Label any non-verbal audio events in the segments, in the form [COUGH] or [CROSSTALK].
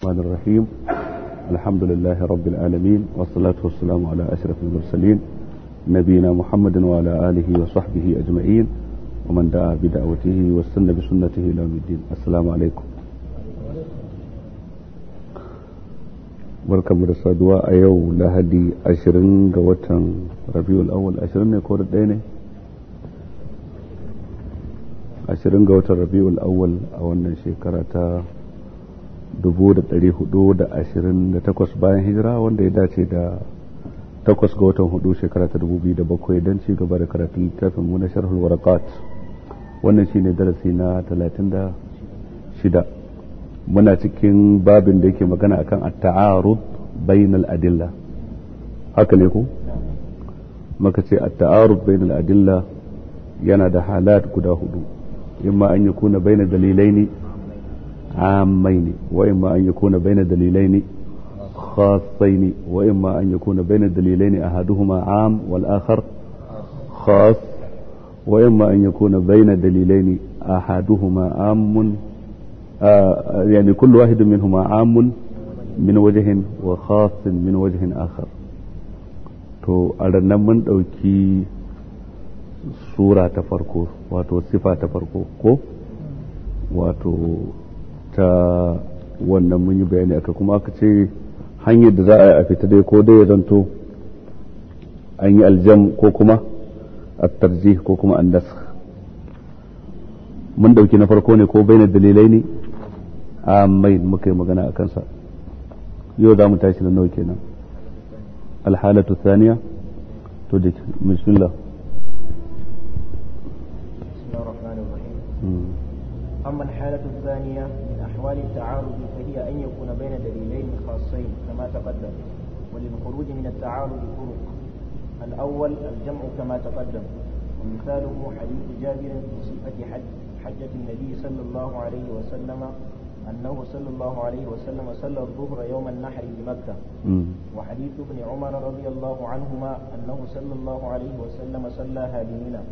الرحمن الرحيم الحمد لله رب العالمين والصلاة والسلام على أشرف المرسلين نبينا محمد وعلى آله وصحبه أجمعين ومن دعا بدعوته واستنى بسنته إلى يوم الدين السلام عليكم barkan mu da saduwa a yau lahadi 20 ga watan rabiul awwal 20 ne ko da ɗaya ne 20 ga watan rabiul awwal a wannan shekara ta 1428 bayan hijira wanda ya dace da takwas ga watan hudu shekara ta dubu biyu da bakwai don ci gaba da karatun littafin mu na sharhul warakat wannan shi ne darasi na talatin da shida. muna cikin babin da yake magana akan at-ta'arud bainal adilla haka ne ku maka ce at-ta'arud bainal adilla yana da halat guda hudu imma an baina dalilai ne عامين وإما أن يكون بين دليلين خاصين وإما أن يكون بين الدليلين أحدهما عام والآخر خاص وإما أن يكون بين دليلين أحدهما عام آه يعني كل واحد منهما عام من وجه وخاص من وجه آخر تو a rannan mun ɗauki sura ta farko wato sifa ta farko haka wannan mun yi bayani aka kuma aka ce hanyar da za a yi a fita dai ko dai ya zanto an yi aljam ko kuma attarjih ko kuma an dasa mun dauki na farko ne ko bayyana dalilai ne a muka yi magana a kansa yau za mu tashi na nawa kenan alhalatu thaniya to da bismillah أما الحالة hmm. أحوال التعارض فهي أن يكون بين دليلين خاصين كما تقدم وللخروج من التعارض طرق الأول الجمع كما تقدم ومثاله حديث جابر في صفة حج حجة النبي صلى الله عليه وسلم أنه صلى الله عليه وسلم صلى الظهر يوم النحر بمكة وحديث ابن عمر رضي الله عنهما أنه صلى الله عليه وسلم صلاها بمنى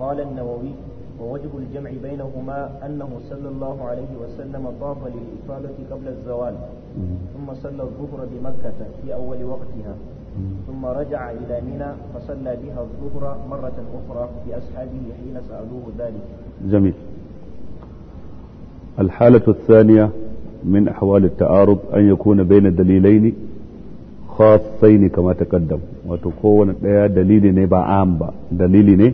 قال النووي ووجب الجمع بينهما أنه صلى الله عليه وسلم طاف للإفاضة قبل الزوال ثم صلى الظهر بمكة في أول وقتها ثم رجع إلى منى فصلى بها الظهر مرة أخرى بأصحابه حين سألوه ذلك جميل الحالة الثانية من أحوال التعارض أن يكون بين دليلين خاصين كما تقدم وتكون دليل نبا عام دليل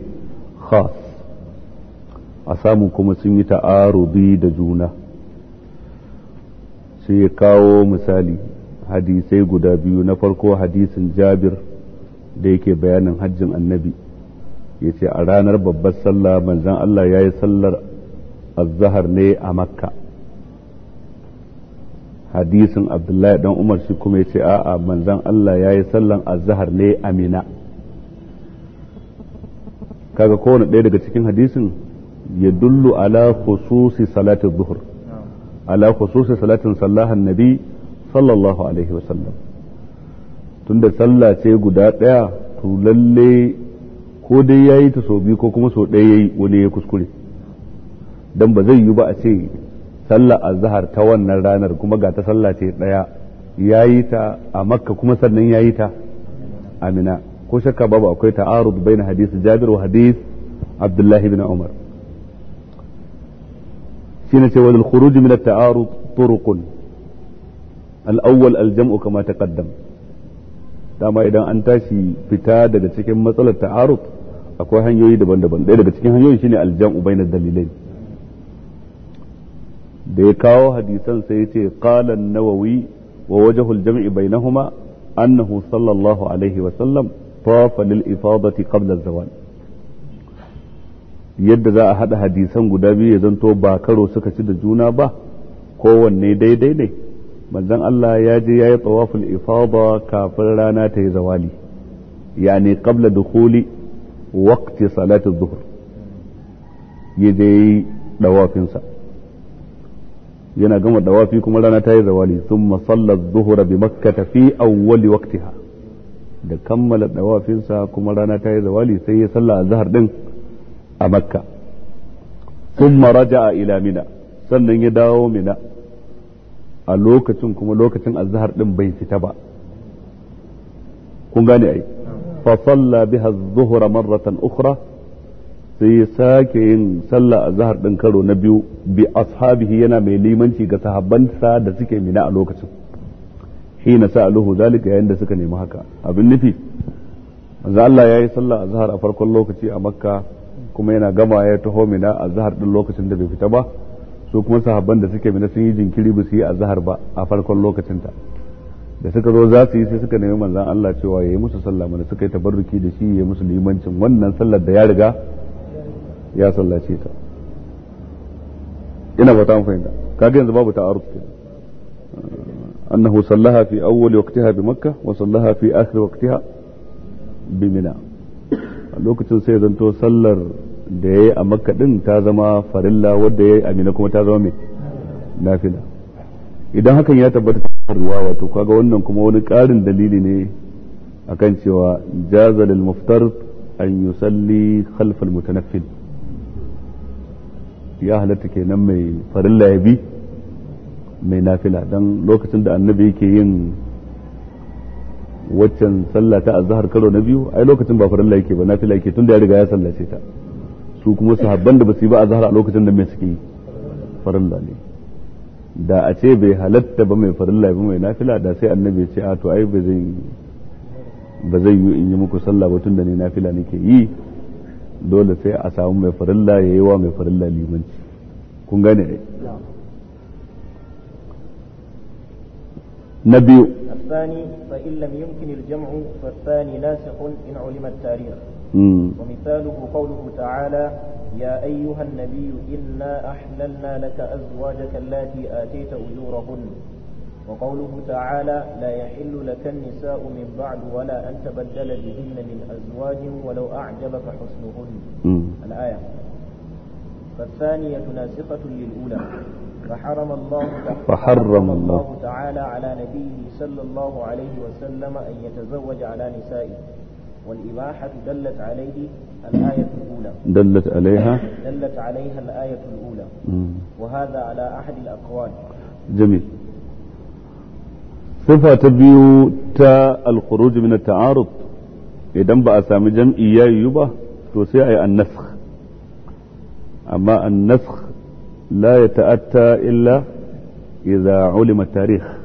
خاص a samu kuma sun yi ta'arudi da juna sai ya kawo misali hadisai guda biyu na farko hadisin jabir da yake bayanin hajjin annabi ya ce a ranar babbar sallah manzan Allah ya yi sallar azahar ne a makka hadisin abdullahi dan umar shi kuma ya ce a'a manzan Allah ya yi sallar azahar ne a mina kaga kowane ɗaya daga cikin hadisin يدل على خصوص صلاة الظهر على خصوص صلاة صلاها النبي صلى الله عليه وسلم tunda sallah ce guda ɗaya to lalle ko dai ya yi ta sau biyu ko kuma sau ɗaya ya yi wani ya kuskure don ba zai yi ba a ce sallah azhar ta wannan ranar kuma ga ta sallah ɗaya ya yi ta a makka kuma sannan ya yi ta Minna ko shakka babu akwai ta'aru bain hadisi jabir wa hadis abdullahi bin umar shine ce wal khuruj min at-ta'arud turukun al aljamu kama taqaddam dama idan an tashi fita daga cikin matsalar ta'arud akwai hanyoyi daban-daban ɗaya daga cikin hanyoyi shine aljamu jamu dalilai da ya kawo hadisan sai ya ce qala nawawi wa wajhul jam'i bainahuma annahu sallallahu alaihi wa sallam tawafa lil ifadati qabla az-zawal yadda za a haɗa hadisan guda biyu ya zanto ba karo suka ci da juna ba kowanne daidai ne manzon Allah ya je ya yi tawaful ifada kafin rana ta yi zawali yani qabla dukhuli waqti salati dhuhr ya je yi sa yana gama dawafi kuma rana ta yi zawali thumma salla dhuhra bi makkah fi awwali waqtiha da kammala sa kuma rana ta yi zawali sai ya salla azhar din a makka sun maraja ila mina sannan ya dawo mina a lokacin kuma lokacin zahar ɗin bai fita ba kun gane ai fa salla biha adh-dhuhra marratan ukhra sai ya sake yin sallah zahar ɗin karo na biyu bi ashabihi yana mai limanci ga sahabbansa da suke mina a lokacin hina sa'aluhu zalika yayin da suka nemi haka abin nufi manzo Allah yi sallah zahar a farkon lokaci a Makka kuma yana gama ya taho mina a zahar din lokacin da bai fita ba su kuma sahabban da suke mina sun yi jinkiri ba su yi a zahar ba a farkon lokacinta da suka zo za su yi sai suka nemi manzan Allah cewa ya yi musu sallah mana suka yi tabarruki da shi ya yi musu limancin wannan sallar da ya riga ya sallace ta ina ba ta fahimta kaga yanzu babu ta'aruf kenan annahu sallaha fi awwal waqtiha bi makkah wa sallaha fi akhir waqtiha bi mina a lokacin sai zanto sallar da ya a makka din ta zama farilla wadda ya yi amina kuma ta zama mai nafila idan hakan ya tabbata ta ruwa wato kaga wannan kuma wani ƙarin dalili ne akan cewa jaza lil muftar an yusalli khalf al mutanaffil ya halatta kenan mai farilla ya bi mai nafila dan lokacin da annabi yake yin waccan sallah ta azhar karo na biyu ai lokacin ba farilla yake ba nafila yake tunda ya riga ya sallace ta su kuma sahabban da basu yi ba azhar a lokacin da mai suke farilla ne da a ce bai halatta ba mai farilla ba mai nafila da sai annabi ya ce a to ai ba zai ba zai yi in yi muku sallah ba tunda ni nafila nake yi dole sai a samu mai farilla yayi wa mai farilla limanci kun gane ai نبي الثاني فإن لم يمكن الجمع فالثاني ناسخ إن علم التاريخ مم. ومثاله قوله تعالى يا أيها النبي إنا أحللنا لك أزواجك التي آتيت أجورهن وقوله تعالى لا يحل لك النساء من بعد ولا أن تبدل بهن من أزواج ولو أعجبك حسنهن الآية فالثانية ناسخة للأولى فحرم الله فحرم الله تعالى على نبيه صلى الله عليه وسلم أن يتزوج على نسائه والإباحة دلت عليه الآية الأولى دلت عليها دلت عليها الآية الأولى وهذا على أحد الأقوال جميل صفة تبيو تا الخروج من التعارض idan ba a sami jam'i ya yiwu ba to sai a yi amma لا يتأتى إلا إذا علم التاريخ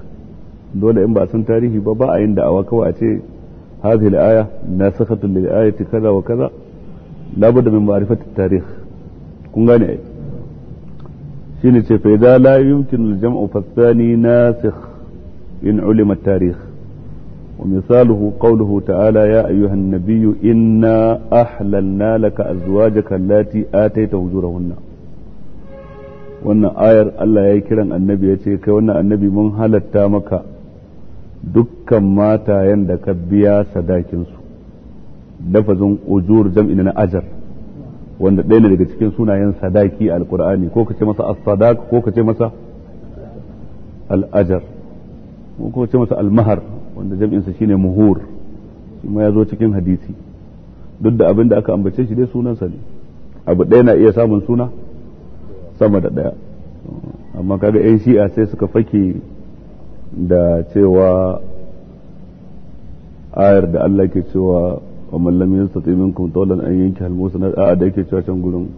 دول إن بأسن تاريخي بابا عند أواك وأتي هذه الآية ناسخة للآية كذا وكذا لابد من معرفة التاريخ كن غني شين فإذا لا يمكن الجمع فالثاني ناسخ إن علم التاريخ ومثاله قوله تعالى يا أيها النبي إنا أحللنا لك أزواجك التي آتيت وجورهن wannan ayar Allah ya yi kiran annabi ya ce kai wannan annabi mun halatta maka dukkan matayen da ka biya sadakinsu lafazin ujur jam'in na ajar wanda ɗaya daga cikin sunayen sadaki a alkur'ani ko ka ce masa as-sadaq ko ka ce masa al-ajar ko ce masa al-mahar wanda jam'insa shine muhur shi ma ya zo cikin hadisi duk da abin da aka ambace shi dai sunansa ne abu ɗaya na iya samun suna sama da ɗaya amma kaga 'yan shi'a sai suka fake da cewa ayar da Allah ke cewa wa mallam yin satsi minkum tolan an yanki halmusu na a'a da yake cewa can gurin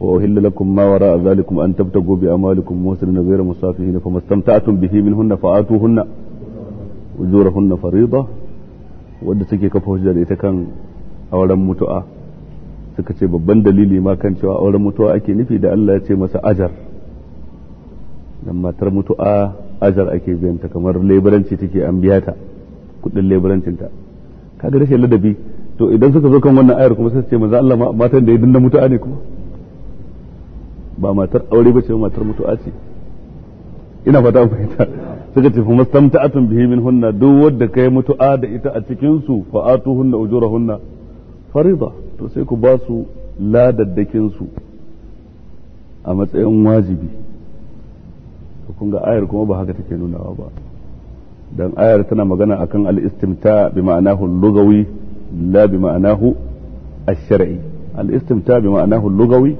wa uhilla lakum ma wara zalikum an tabtagu bi amalikum muslimin ghayra musafihin fa mastamta'tum bihi min minhunna fa atuhunna ujurahunna fariida wadda suke kafa hujjar ita kan auren mutu'a suka ce babban dalili ma kan cewa auren mutuwa ake nufi da Allah ya ce masa ajar dan matar mutu'a ajar ake biyanta kamar leburanci take an biya ta kudin ta kaga rashin ladabi to idan suka zo kan wannan ayar kuma sai su ce maza Allah matan da ya dinda mutu'a ne kuma ba matar aure ba ce matar mutu'a ce ina fata fahimta suka ce kuma stamta'atun bihi min hunna duk wanda kai mutu'a da ita a cikin su fa atuhunna ujurahunna fariḍa to sai ku ba su ladaddakin su a matsayin wajibi to kun ga ayar kuma ba haka take nunawa ba dan ayar tana magana akan al-istimta bi ma'anahu lugawi la bi ma'anahu ash-shar'i al-istimta bi ma'anahu lugawi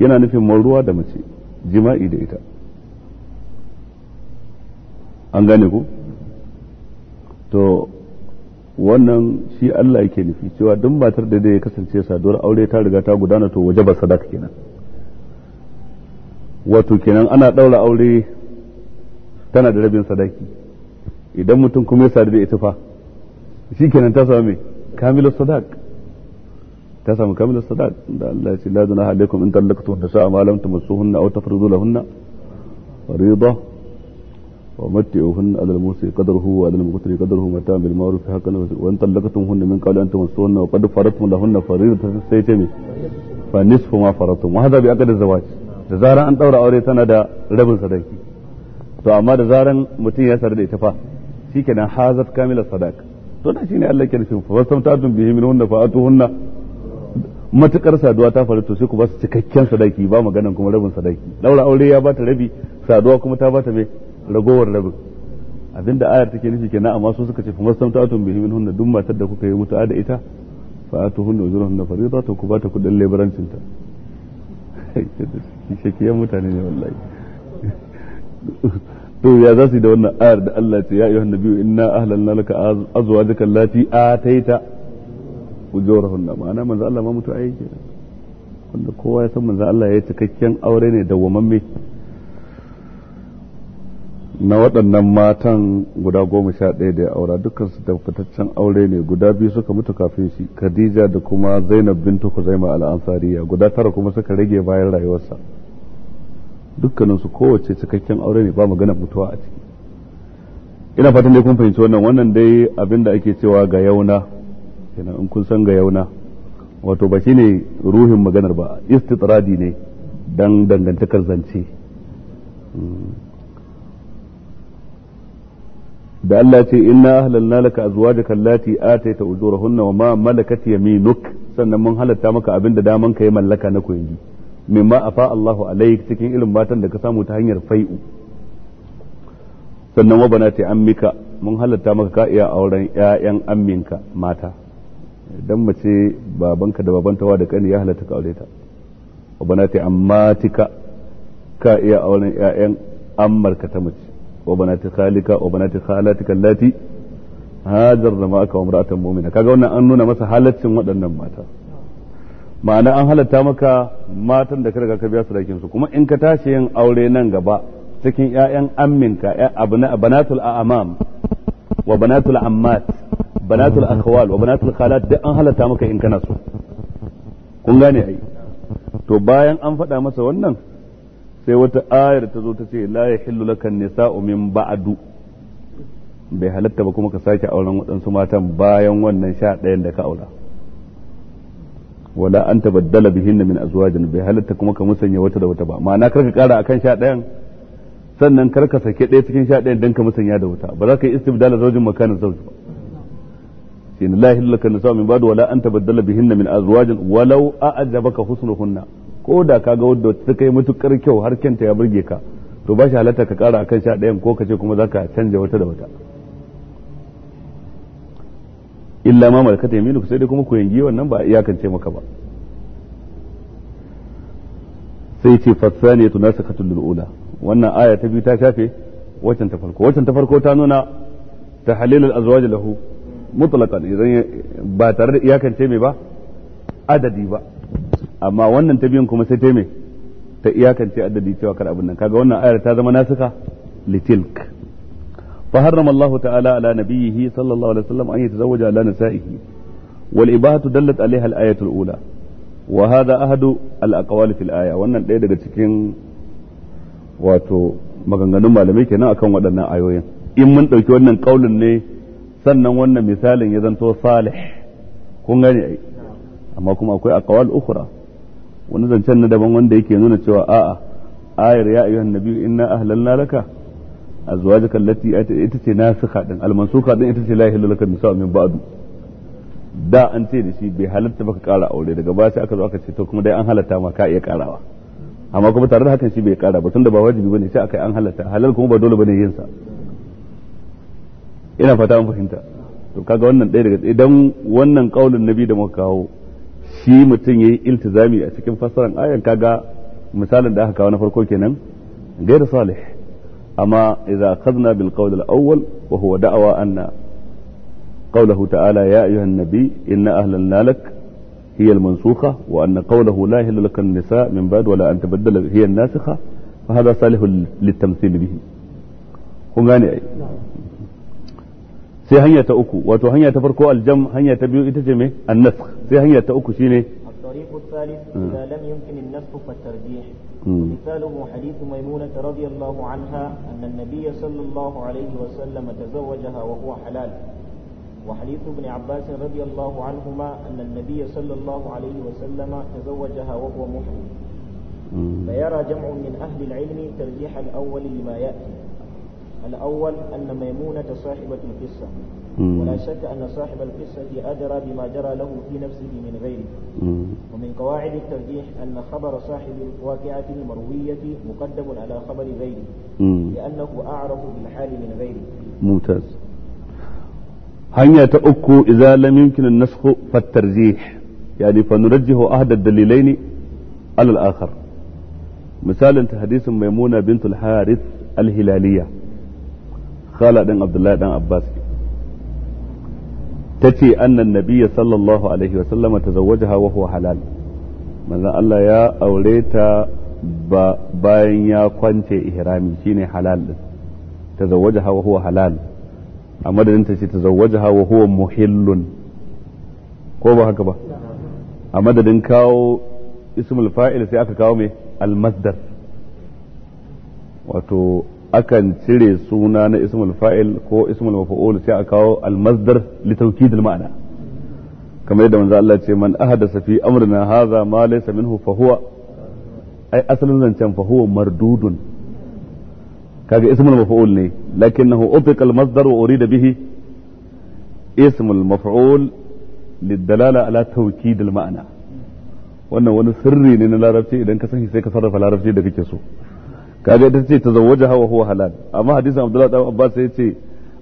yana nufin maruwa da mace jima'i da ita an gane ku to wannan shi Allah yake nufi cewa duk matar da ya kasance saduwar aure ta riga ta gudana to waje sadaka kenan wato kenan ana daura aure tana da rabin sadaki idan mutum kuma ya sadu da ita fa shi kenan ta samu kamilar sadaq ta samu kamilar sadaq da Allah ya ce la dunaha alaikum in tallaqtum nisa ma lam tamassuhunna aw tafridu lahunna faridah ومتعوهن على الموسى قدره وعلى المقتر قدره متاع بالمعروف حقا وان طلقتمهن من قبل ان تمسوهن وقد فرضتم لهن فريضه سيتم فنصف ما فرضتم وهذا بعقد الزواج da zaran an daura aure دا ربن rabin sadaki to دا da zaran يسر دا sarda ita fa shikenan hazat kamila sadaka to da shine Allah ke nufin fa samtatun bihi matukar saduwa ta faru to sai ku ba su cikakken sadaki ba maganan kuma rabin sadaki daura aure ya bata rabi saduwa kuma ta bata mai ragowar rabin abinda ayar take nufi kenan amma su suka ce fa mastamta'atun bihi min hunna duk matar da kuka yi mutu'a da ita fa atuhunna ujurahunna fariida to ku bata kudin lebarancin ta [LAUGHS] shakiyan mutane ne wallahi [LAUGHS] to ya za su yi da wannan ayar da Allah ce ya ayyuhan nabiyyu inna ahlalna laka azwajaka allati ataita ujurahunna ma'ana manzo Allah ma mutu'a yake wanda kowa ya san manzo Allah ya yi cikakken aure ne dawwamamme na waɗannan matan guda goma sha ɗaya da ya aura dukkan su tabbataccen aure ne guda biyu suka mutu kafin shi khadija da kuma zainab bintu zaima al'ansariya guda tara kuma suka rage bayan rayuwarsa dukkaninsu kowace cikakken aure ne ba magana mutuwa a ciki ina fatan dai kun fahimci wannan wannan dai abin da ake cewa ga yauna kenan in kun san ga yauna wato ba shine ruhin maganar ba istitradi ne dan dangantakar zance hmm. da Allah ce inna ahlalna laka azwajaka allati ataita ujurahunna wa ma malakat yaminuk sannan mun halatta maka abin da daman ka yi mallaka na koyi mimma afa Allahu alaik cikin irin matan da ka samu ta hanyar fai'u sannan wa banati ammika mun halatta maka ka iya auren ƴaƴan amminka mata dan mace babanka da babantawa da kani ya halatta ka aure ta wa banati ammatika ka iya auren ƴaƴan ammarka ta mace wa wa khalika وبنات خالك وبنات hajar da هاجرن معك وامرأة مؤمنة kaga wannan an nuna masa halaccin waɗannan mata ma'ana an halatta maka matan da ka riga ka biya su sadakin su kuma in ka tashi yin aure nan gaba cikin ƴaƴan amminka banatul a'amam wa banatul ammat banatul akhwal wa banatul khalat duk an halatta maka in kana so kun gane ai to bayan an faɗa masa wannan sai wata ayar ta zo ta ce la ya yahillu laka nisa'u min ba'du bai halatta ba kuma ka sake auren waɗansu matan bayan wannan sha ɗayan da ka aura wala an tabaddala bihinna min azwajin bai halatta kuma ka musanya wata da wata ba ma'ana karka kara akan sha ɗayan sannan karka sake ɗaya cikin sha ɗayan dan ka musanya da wata ba za ka yi istibdala zaujin makanin zauji ba shi la ilaha illa ka nisa min ba'd wala an tabaddala bihinna min azwajin walau a'jabaka husnuhunna ko da ka ga wadda ta kai matukar kyau har kenta ya burge ka to ba shi halatta ka kara akan sha ɗayan ko ka ce kuma ka canja wata da wata illa ma malakata yaminu sai dai kuma ku yangi wannan ba iyakance maka ba sai ce ya tunasa nasakatul lul'ula wannan aya ta biyu ta shafe waccan ta farko waccan ta farko ta nuna tahlilul azwaj lahu mutlaqan idan ba tare da iyakance mai ba adadi ba amma wannan ta biyun kuma sai ta mai ta iyakance addadi cewa kar abin nan kaga wannan ayar ta zama nasika litilk fa harrama Allah ta'ala ala nabiyhi sallallahu alaihi wasallam an yatazawwaja ala nisa'ihi wal ibahatu dallat alaiha al-ayatu al-ula wa hadha ahadu al-aqwali fil aya wannan ɗaya daga cikin wato maganganun malamai kenan akan waɗannan ayoyin in mun ɗauki wannan kaulin ne sannan wannan misalin ya zanto salih kun gane ai amma kuma akwai aqwal ukhra wani zancen na daban wanda yake nuna cewa a'a ayar ya ayyuhan nabi inna ahlan laka azwajaka allati ita ce nasikha din almansuka din ita ce la ilaha illallah nisa min ba'du da an ce da shi bai halatta baka kara aure daga baya sai aka zo aka ce to kuma dai an halatta ma ka iya karawa amma kuma tare da hakan shi bai kara ba tunda ba wajibi bane sai aka yi an halatta halal kuma ba dole bane yin sa ina fata an fahimta to kaga wannan ɗaya daga idan wannan kaulin nabi da muka kawo shi mutum ya iltizami a cikin fassaran ayan kaga misalin da aka kawo na farko kenan gair salih amma idza akhadna bil qawl al awwal wa huwa da'wa anna qawluhu ta'ala ya ayyuhan nabi inna ahlan nalak هي المنسوخة وأن قوله لا يحل لك النساء من بعد ولا أن تبدل هي الناسخة فهذا صالح للتمثيل به هم يعني أي sai hanya ta uku wato hanya ta farko aljam hanya ta biyu ita ce me annask sai hanya ta uku shine الطريق الثالث إذا لم يمكن النسخ فالترجيح مثاله حديث ميمونة رضي الله عنها أن النبي صلى الله عليه وسلم تزوجها وهو حلال وحديث ابن عباس رضي الله عنهما أن النبي صلى الله عليه وسلم تزوجها وهو محرم فيرى جمع من أهل العلم ترجيح الأول لما يأتي الأول أن ميمونة صاحبة القصة ولا شك أن صاحب القصة أدرى بما جرى له في نفسه من غيره ومن قواعد الترجيح أن خبر صاحب الواقعة المروية مقدم على خبر غيره لأنه أعرف بالحال من غيره ممتاز هيا تأكو إذا لم يمكن النسخ فالترجيح يعني فنرجه أحد الدليلين على الآخر مثال انت حديث ميمونة بنت الحارث الهلالية khala din abdullahi dan abbas tace annan nabiyya sallallahu alaihi wasallam tazawwajaha wa huwa halal manzon Allah ya aure ta ba bayan ya kwance ihrami shine halal din tazawwajaha wa huwa halal a madadin ta ce tazawwajaha wa huwa muhillun ko ba haka ba a kawo ismul fa'il sai aka kawo mai almasdar wato akan cire suna na ismul fa'il ko ismul maf'ul sai a kawo almasdar li tawkidil ma'ana kamar yadda manzo Allah ce man ahadasa fi amrina hadha ma laysa minhu fa huwa ai asalin zancen fa huwa mardudun kaga ismul maf'ul ne lakinnahu utqa almasdar wa urida bihi ismul maf'ul للدلالة على توكيد المعنى wannan wani sirri ne na larabci idan ka san shi sai ka sarrafa larabci da kake kaga ita ce tazawwajaha wa huwa halal amma hadisin abdullahi dan Abbas sai yace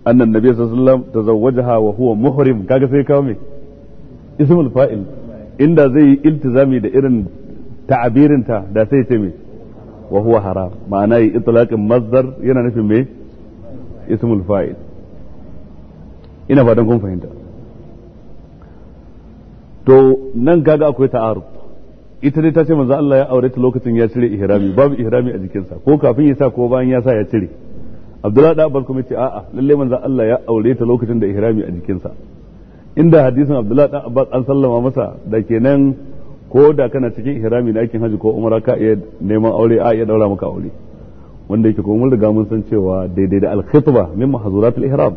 annan nabi sallallahu alaihi wasallam tazawwajaha wa huwa muhrim kaga sai kawo me ismul fa'il inda zai yi iltizami da irin ta'abirin ta da sai ce me wa huwa haram ma'ana yi itlaqin mazdar yana nufin me ismul fa'il ina fatan kun fahimta to nan kaga akwai ta'aruf ita dai ta ce manzo Allah ya aure ta lokacin ya cire ihrami babu ihrami a jikinsa ko kafin ya sa ko bayan ya sa ya cire Abdullahi da Abbas kuma ce a'a lalle manzo Allah ya aure ta lokacin da ihrami a jikinsa inda hadisin Abdullahi da Abbas an sallama masa da kenan ko da kana cikin ihrami na aikin haji ko umara ka iya neman aure a iya daura maka aure wanda yake ko mun riga mun san cewa daidai da al-khitba min mahzuratil ihram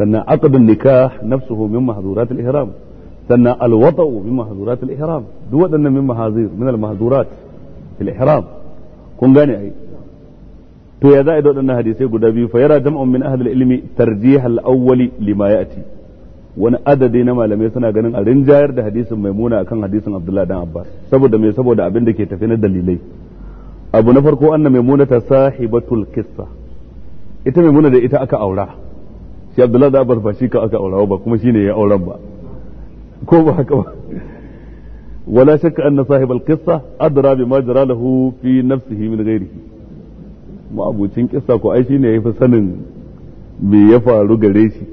sannan aqdun nikah nafsuhu min mahzuratil ihram sannan alwadau min mahzurat al-ihram duk waɗannan min mahazir min al-mahzurat al-ihram kun gane ai to ya za a yi waɗannan hadisai guda biyu fa yara jama'un min ahli al-ilmi tarjih al-awwali lima ya'ti wani adadi na malamai suna ganin a rinjayar da hadisin maimuna akan hadisin abdullahi dan abbas saboda me saboda abin da ke tafi na dalilai abu na farko anna maimuna ta sahibatul qissa ita maimuna da ita aka aura sai abdullahi dan abbas ba shi ka aka aura ba kuma shine ya auren ba [LAUGHS] ko ba haka ba wala shakka anna sahib alqissa qissa adra bima jara lahu fi nafsihi min ghairihi ma abucin kissa ko ai shine fa sanin me ya faru gare shi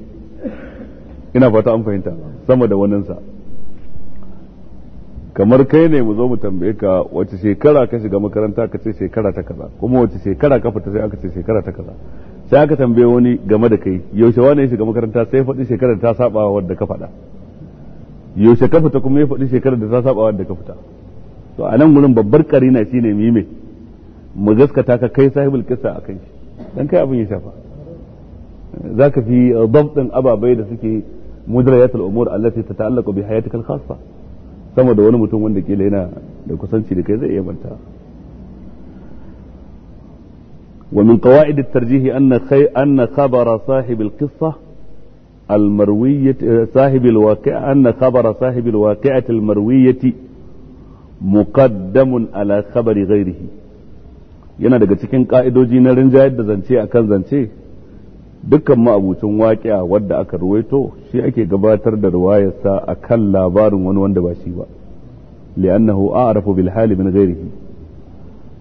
ina fata an fahimta sama da wannan sa. kamar kai ne mu zo mu tambaye ka wace shekara ka shiga makaranta ka ce shekara ta kaza kuma wace shekara ka fita sai aka ce shekara ta kaza sai aka tambaye wani game da kai yaushe wani ya shiga makaranta sai faɗi shekarar ta saba wadda ka faɗa yaushe ka fita kuma ya faɗi shekarar da ta saba wanda ka fita to a nan gurin babbar karina shine mu me mu gaskata ka kai sahibul kissa akan shi dan kai abin ya shafa zaka fi uh, ɗin ababai da suke mudrayatul umur allati ta'allaku bi hayatika al-khassa sama da wani mutum wanda kila yana da kusanci da kai zai iya manta min قواعد الترجيح أن خي... أن khabara صاحب القصة المروية صاحب الواقعة أن خبر صاحب الواقعة المروية مقدم على خبر غيره yana daga cikin ƙa'idoji na rinjayar da zance a kan zance dukkan ma'abucin waƙiya wadda aka ruwaito shi ake gabatar da ruwayarsa a kan labarin wani wanda ba shi ba li'annahu a'rafu bil hali min ghairihi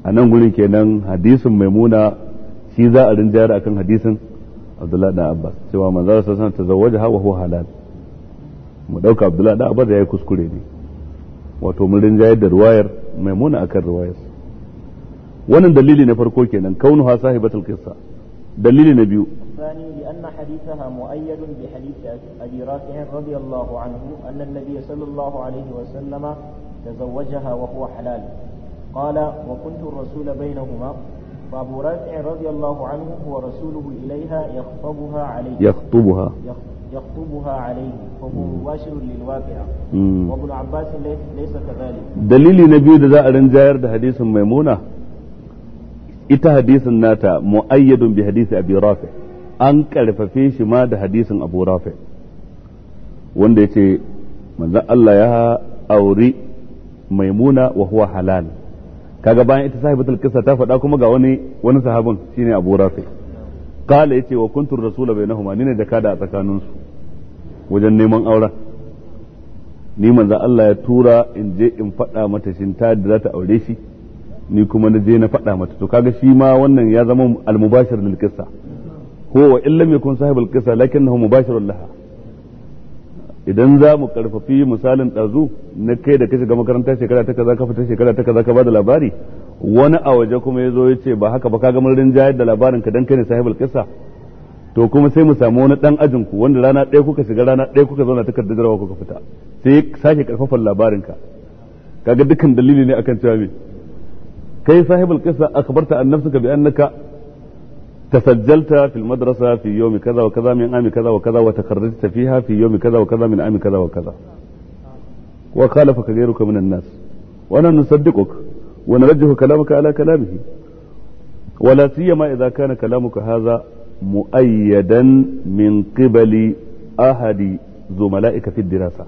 a nan gurin kenan hadisin maimuna shi za a rinjayar akan hadisin abdullahi dan abbas cewa manzon sa san tazawwajaha wa huwa halal mu dauka abdullahi dan abbas yayi kuskure ne wato mun rinjayar da ruwayar maimuna akan ruwayar wannan dalili na farko kenan kaunuha sahibatul qissa dalili na biyu الثاني لأن حديثها مؤيد بحديث أبي رافع رضي الله عنه أن النبي صلى الله عليه وسلم تزوجها وهو حلال قال وكنت الرسول بينهما فأبو رافع رضي الله عنه هو رسوله إليها يخطبها عليه يخطبها يخطبها عليه فهو مباشر للواقعة وابن عباس ليس كذلك دليل نبي ذا أرنجاير ده حديث ميمونة ita hadisin nata mu'ayyadun bi hadisi abi rafi an karfafe shi ma da hadisin abu rafi wanda yace manzon Allah ya auri maimuna wa huwa halal kaga bayan ita sahibatul qissa ta faɗa kuma ga wani wani sahabin shine Abu Rafi qala yace wa kuntur rasul bainahuma ni ne da kada a tsakanin su wajen neman aure ni manzo Allah ya tura in je in faɗa mata shin ta da za ta aure shi ni kuma na je na faɗa mata to kaga shi ma wannan ya zama al-mubashir lil qissa huwa in yakun sahibul qissa lakinnahu mubashirul laha idan za mu karfafi misalin ɗazu na kai da ka shiga makaranta shekara ta kaza ka fita shekara ta kaza ka bada labari wani a waje kuma ya zo ya ce ba haka ba ka ga rin jayar da labarin ka dan kai ne sahibul kisa to kuma sai mu samu wani dan ajin ku wanda rana ɗaya kuka shiga rana ɗaya kuka zauna takardar jarawa kuka fita sai sake karfafan labarin ka kaga dukkan dalili ne akan cewa me kai sahibul kisa barta an ka bi annaka تسجلت في المدرسة في يوم كذا وكذا من عام كذا وكذا وتخرجت فيها في يوم كذا وكذا من عام كذا وكذا وخالفك غيرك من الناس وأنا نصدقك ونوجه كلامك على كلامه ولا سيما إذا كان كلامك هذا مؤيدا من قبل أحد زملائك في الدراسة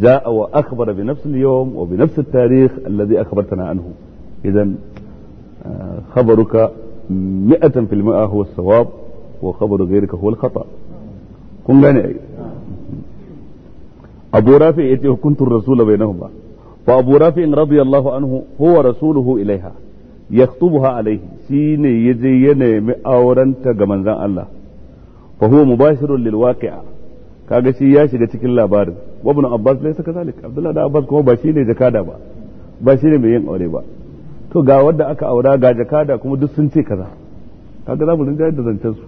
جاء وأخبر بنفس اليوم وبنفس التاريخ الذي أخبرتنا عنه إذا آه، خبرك mi'atan fil mi'a huwa sawab wa khabaru ghayrika huwa al-khata kun gane ai Abu Rafi yace hukuntu rasula bainahuma fa Abu Rafi radiyallahu anhu huwa rasuluhu ilaiha yaktubuha alaihi shine yaje ya nemi aurenta ga manzon Allah fa huwa mubashirun kaga shi ya shiga cikin labarin wa ibn Abbas laysa kadhalik Abdullah da Abbas kuma ba shine jakada ba ba ne mai yin aure ba to ga wanda aka aura ga jakada kuma duk sun ce kaza kaga za mu rinja da zancen su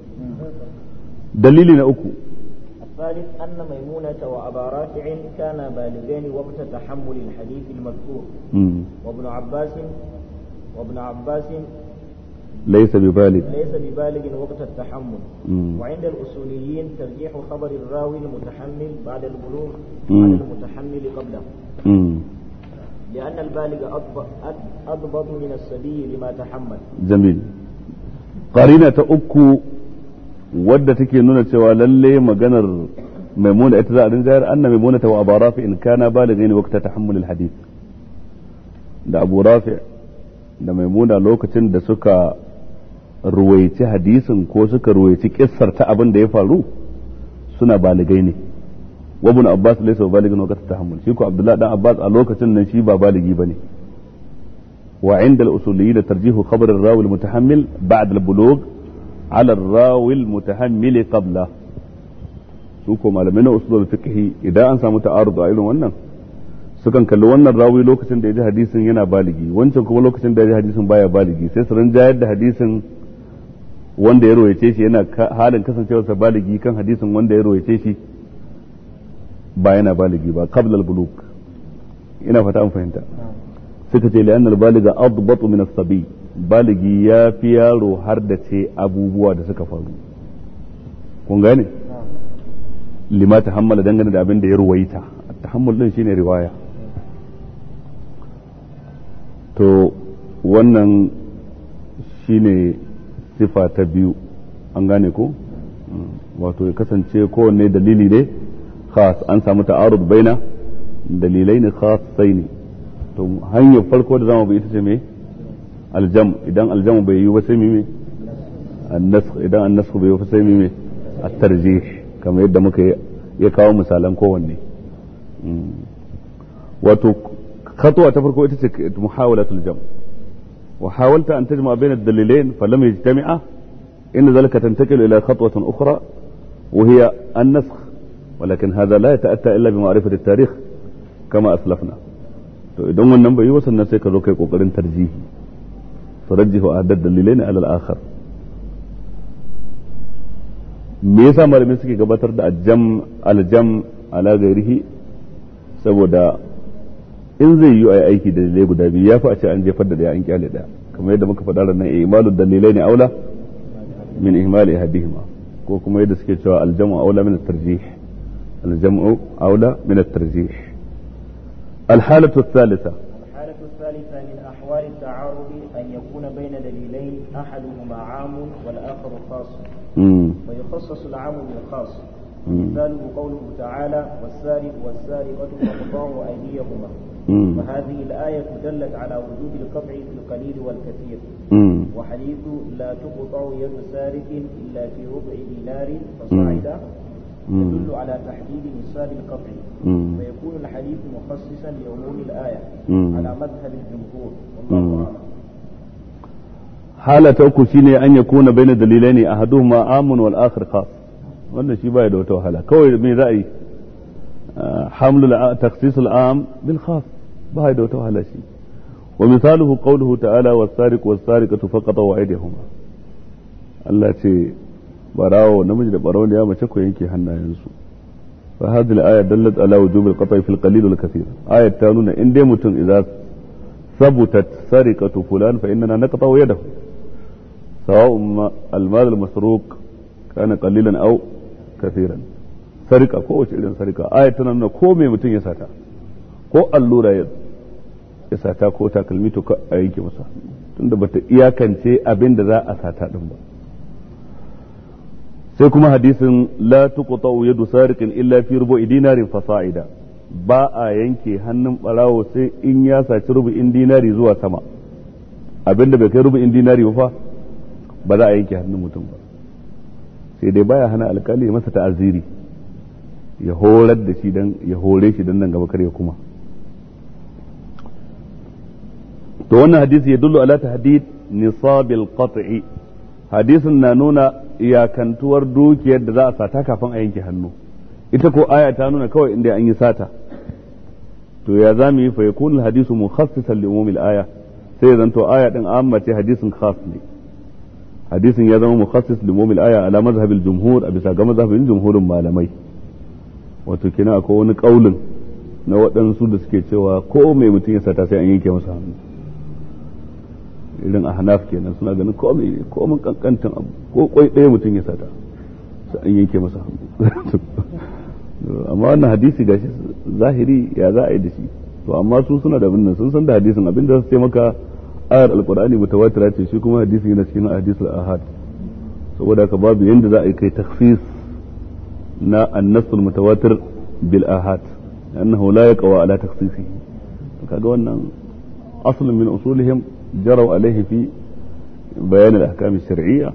dalili na uku الثالث أن ميمونة وأبا رافع كانا بالغين وقت تحمل الحديث المذكور وابن عباس وابن عباس ليس ببالغ ليس ببالغ وقت التحمل مم. وعند الأصوليين ترجيح خبر الراوي المتحمل بعد البلوغ على المتحمل قبله مم. لأن البالغ أضبط من الصبي لما تحمل جميل قرينة أكو wadda take nuna cewa lallai maganar maimuna ita za a rinjayar anna maimuna ta wa abu in kana balighin waqta tahammul hadith da abu da maimuna lokacin da suka ruwaici hadisin ko suka ruwaici kissar abin da ya faru suna baligai ne wa ibn abbas laysa baligan waqt tahammul shi ko abdullah dan abbas a lokacin nan shi ba baligi bane wa inda al da tarjihu khabar ar-rawi al-mutahammil ba'da al-bulugh ala ar-rawi al-mutahammil qabla su ko malamai na idan an samu ta'arud a irin wannan sukan kalli wannan rawi lokacin da ya ji hadisin yana baligi wancan kuma lokacin da ya ji hadisin baya baligi sai su rinjayar da hadisin wanda ya royace shi yana halin kasancewarsa baligi kan hadisin wanda ya royace shi ba yana baligi ba qabla al-buluk ina fata an fahimta sai ta ce li'anna al-baliga adbatu min as-sabi baligi ya fi yaro har da ce abubuwa da suka faru kun gane lima tahammala dangane da abin da ya ruwaita tahammul din shine riwaya to wannan shine sifa ta biyu an gane ko mm. wato ya kasance kowanne dalili ne خاص أنسى متعارض بين دليلين خاصين ثم هن يفرقوا دعوا بإتجامي الجم إذا الجم بيوفسيمي بي النسخ إذا النسخ بيوفسيمي بي الترجيح كما يدمك يكاو مثالا كوني وتو خطوة تفرقوا إتجامي محاولة الجم وحاولت أن تجمع بين الدليلين فلم يجتمعا إن ذلك تنتقل إلى خطوة أخرى وهي النسخ ولكن هذا لا يتأتى إلا بمعرفة التاريخ كما أسلفنا to idan wannan bai yi ba sannan sai ka zo kai kokarin tarjihi turajjihu ahaddad dalilaini alal akhar me yasa malamai suke gabatar da aljam aljam ala gairihi saboda in zai yi ayi aiki da dalilai guda biyu yafi a ce an jefar da daya an kyale daya kamar yadda muka faɗa ranar imalu dalilai ne aula min ihmali hadihima ko kuma yadda suke cewa aljamu aula min tarjih الجمع أولى من الترجيح الحالة الثالثة الحالة الثالثة من أحوال التعارض أن يكون بين دليلين أحدهما عام والآخر خاص ويخصص العام بالخاص مثاله قوله تعالى والسارق والسارقة فاقطعوا أيديهما وهذه الآية دلت على وجود القطع في القليل والكثير وحديث لا تقطع يد سارق إلا في ربع دينار فصعد يدل على تحديد نصاب القطع ويكون الحديث مخصصا لعموم الآية على مذهب الجمهور والله أعلم حالة uku shine an ya kuna bai na dalilai ne a hadu ma'amun wal akhir khas wannan shi bai da wata wahala kawai mai ra'ayi hamlul takhsisul am bil khas bai da wata wahala shi wa misaluhu qawluhu ta'ala was sariq was sariqatu faqata wa aydihuma Allah ce barawo namiji da barawo ya mace ko yanke hannayensu fa hadhihi al-aya dallat ala wujub al-qat'i fi al-qalil wal kathir ayat ta nuna in dai mutum idza sabutat sariqatu fulan fa innana naqta'u yadahu sawa'un al-mal al-masruq kana qalilan aw kathiran sarika ko wace irin sarika ayat tana nuna ko me mutum ya sata ko allura ya sata ko takalmi to ka yanke masa tunda bata iyakance abin da za a sata din ba sai kuma hadisin la tuqta'u yadu sariqin illa fi rubu'i dinarin fasa'ida ba a yanke hannun barawo sai in ya saci rubu'in dinari zuwa sama abinda bai kai rubu'in dinari ba fa ba za a yanke hannun mutum ba sai dai baya hana alkali ya masa ta'aziri ya horar da shi dan ya hore shi dan nan gaba kare kuma to wannan hadisi ya dullu ala tahdid nisabil qat'i hadisin na nuna iyakantuwar dukiyar da za a sata kafin a yanke hannu ita ko aya ta nuna kawai inda an yi sata to ya za mu yi fa yakun hadisu mukhassisan li umumil aya sai zan to aya din amma ce hadisin khas ne hadisin ya zama mukhassis li umumil aya ala mazhabil jumhur a bisa ga mazhabin jumhurin malamai wato kina akwai wani kaulin na waɗansu da suke cewa ko mai mutum ya sata sai an yanke masa hannu irin a hanaf kenan suna ganin komai komai kankantan abu ko kwai ɗaya mutum ya sata sai an yanke masa hannu [LAUGHS] amma wannan hadisi gashi zahiri ya za a yi da shi to amma su suna da binnan sun san da hadisin abin da su ce maka ayar alkur'ani mutawatira ce shi kuma hadisi yana cikin hadisul ahad saboda haka babu yanda za a yi kai takhsis na annasul mutawatir bil ahad annahu ya yaqwa ala takhsisihi kaga wannan aslun min usulihim جروا عليه في بيان الأحكام الشرعية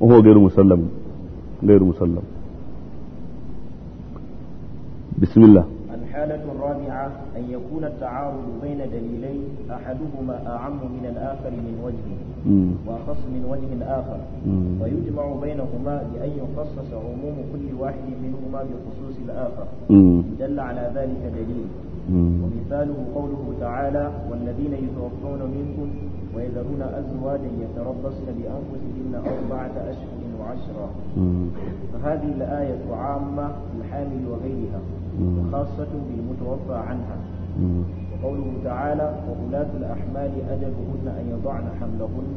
وهو غير مسلم غير مسلم بسم الله الحالة الرابعة أن يكون التعارض بين دليلين أحدهما أعم من الآخر من وجه وأخص من وجه آخر ويجمع بينهما بأن يخصص عموم كل واحد منهما بخصوص الآخر دل على ذلك دليل ومثاله قوله تعالى والذين يتوفون منكم ويذرون أزواجا يتربصن بأنفسهن أربعة أشهر وعشرا فهذه الآية عامة الحامل وغيرها وخاصة بالمتوفى عنها وقوله تعالى وأولاة الأحمال أجلهن أن يضعن حملهن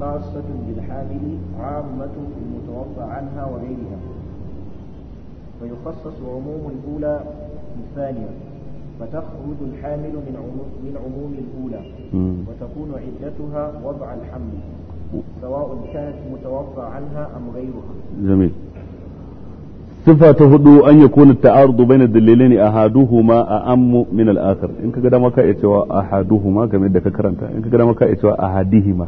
خاصة بالحامل عامة بالمتوفى عنها وغيرها فيخصص عموم الأولى بالثانية فتخرج الحامل من عموم, من عموم الأولى وتكون عدتها وضع الحمل سواء كانت متوفى عنها أم غيرها جميل صفة هدو أن يكون التعارض بين الدليلين أحدهما أأم من الآخر إن كده ما كأتوا أحدهما كما ذكرت إن كده ما كأتوا أحدهما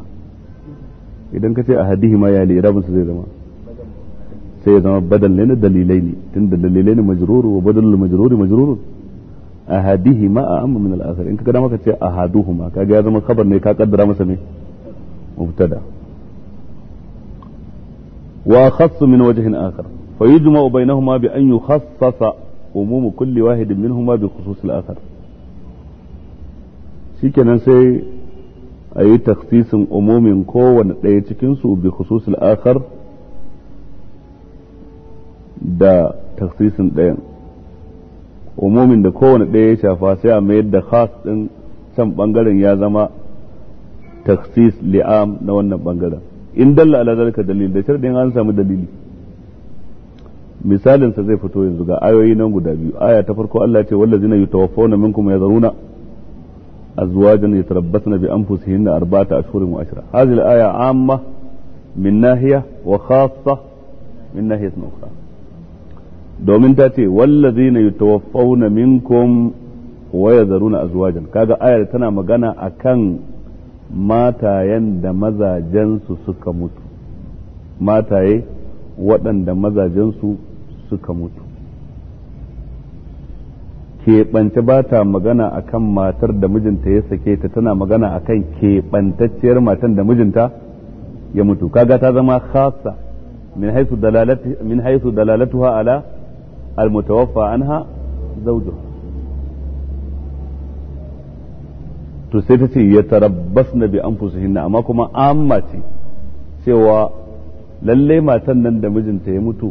إذا كتي أحدهما يا لي يعني رابن زي زمان سيدي زمان بدل لنا دليلين تند دليلين مجرور وبدل المجرور مجرور, مجرور ma a amma min al in kaga maka ce ahaduhuma kaga ya zama khabar ne ka kaddara masa ne mubtada wa juma'u min wajhin akhar fa yujma'u bainahuma bi an yukhassasa umum kulli wahid minhuma bi khusus al shikenan sai a yi taksisin umumin kowane ɗaya cikinsu bi khusus al da taksisin ɗayan umumin da kowane ɗaya ya shafa sai a mayar da khas ɗin can ɓangaren ya zama taksis li'am na wannan ɓangaren in dalla ala zalika dalil da shirɗin an samu dalili misalinsa zai fito yanzu ga ayoyi nan guda biyu aya ta farko Allah ce wallazina yutawaffawna minkum yazaruna azwajan yatarabbasna bi anfusihinna arba'ata ashhurin wa ashra hadhihi al-aya 'amma min nahiya wa khassa min nahiya ukhra domin ta ce wallazina yatawaffawna minkum wa yazaruna azuwajen kaga ayar tana magana a kan matayen da mazajensu suka mutu mataye waɗanda mazajensu suka mutu keɓance ba ta magana a kan matar da mijinta ya sake ta tana magana a kan keɓantacciyar matan da mijinta ya mutu kaga ta zama khasa min haisu dalalatuha ala المتوفى عنها زوجها to sai ta ce ya tarabbas na bi anfusihinna amma kuma amma ce cewa lalle matan nan da mijinta ya mutu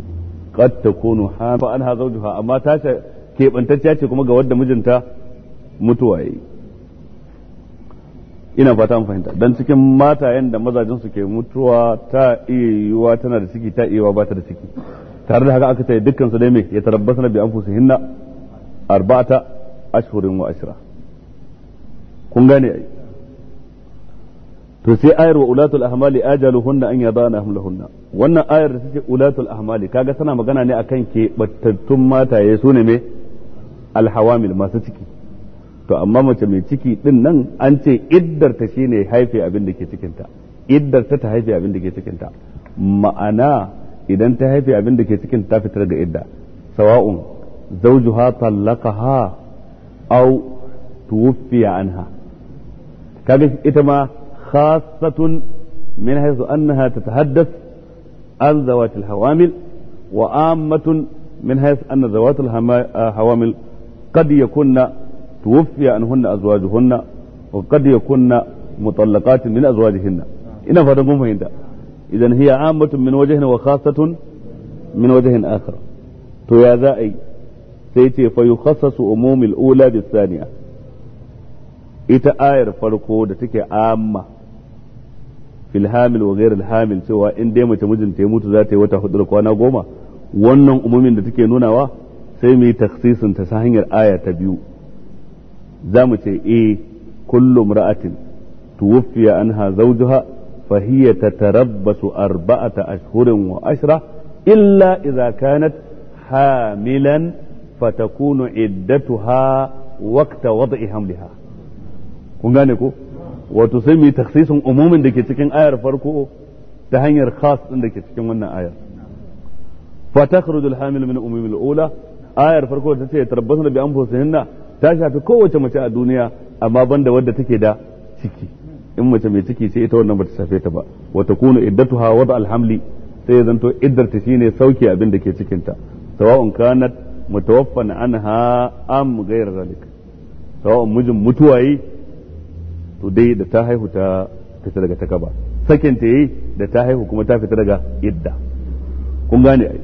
qad takunu an anha zawjuha amma ta ce keɓantacciya ce kuma ga wadda mijinta mutuwa ya yi ina fata mu fahimta don cikin matayen da mazajin su ke mutuwa ta iya yiwuwa tana da ciki ta iya yiwuwa ba ta da ciki tare da haka aka ce dukkan su dai mai ya tarabbasa na bi hinna arba'ata ashirin wa ashira. kun gane ai to sai ayar wa ulatul ahmali ajaluhunna an yadana hamlahunna wannan ayar da take ulatul ahmali kaga tana magana ne akan ke battattun mataye su ne me alhawamil masu ciki to amma mace mai ciki din nan an ce iddar ta shine haife abin da ke cikinta iddar ta ta haife abin da ke cikinta ma'ana idan ta haife abin da ke cikin ta fitar ga idda sawa'un zawjuha talaqaha aw tuwfiya anha kaga ita ma khassatun min haythu annaha tatahaddath an zawatil hawamil wa ammatun min haythu anna zawatil ah, hawamil qad yakunna tuwfiya anhunna azwajuhunna wa qad yakunna mutallaqatin min azwajihinna ina fatan kun fahimta idan hiya amatu min wajhin wa khassatun min wajhin akhar to ya za a yi sai ce fa yukhassasu umumil ula bis thaniya ita ayar farko da take amma fil hamil wa ghairil hamil cewa in dai mace mijinta ya mutu za ta yi wata hudu kwana goma wannan umumin da take nunawa sai mu yi taksisin ta ta hanyar aya ta biyu za mu ce eh kullu imra'atin tuwfiya anha zawjuha فهي تتربص أربعة أشهر وعشرة إلا إذا كانت حاملا فتكون عدتها وقت وضع حملها kun gane ko wato sai mu taksisin da ke cikin ayar farko ta hanyar khas din da ke cikin wannan ayar fa takhrujul hamil min umumil ula ayar farko ta ce tarabbasna bi ta shafi kowace mace a duniya amma banda wadda take da ciki in mace mai ciki ce ita wannan bata shafe ta ba wa iddatu iddatuha wada alhamli sai zanto iddarta shine sauke abin da ke cikin ta sawa'un kanat mutawaffan anha am ghayr zalik sawa'un mijin mutuwaye to dai da ta haihu ta fita daga takaba sakin ta yi da ta haihu kuma ta fita daga idda kun gane ai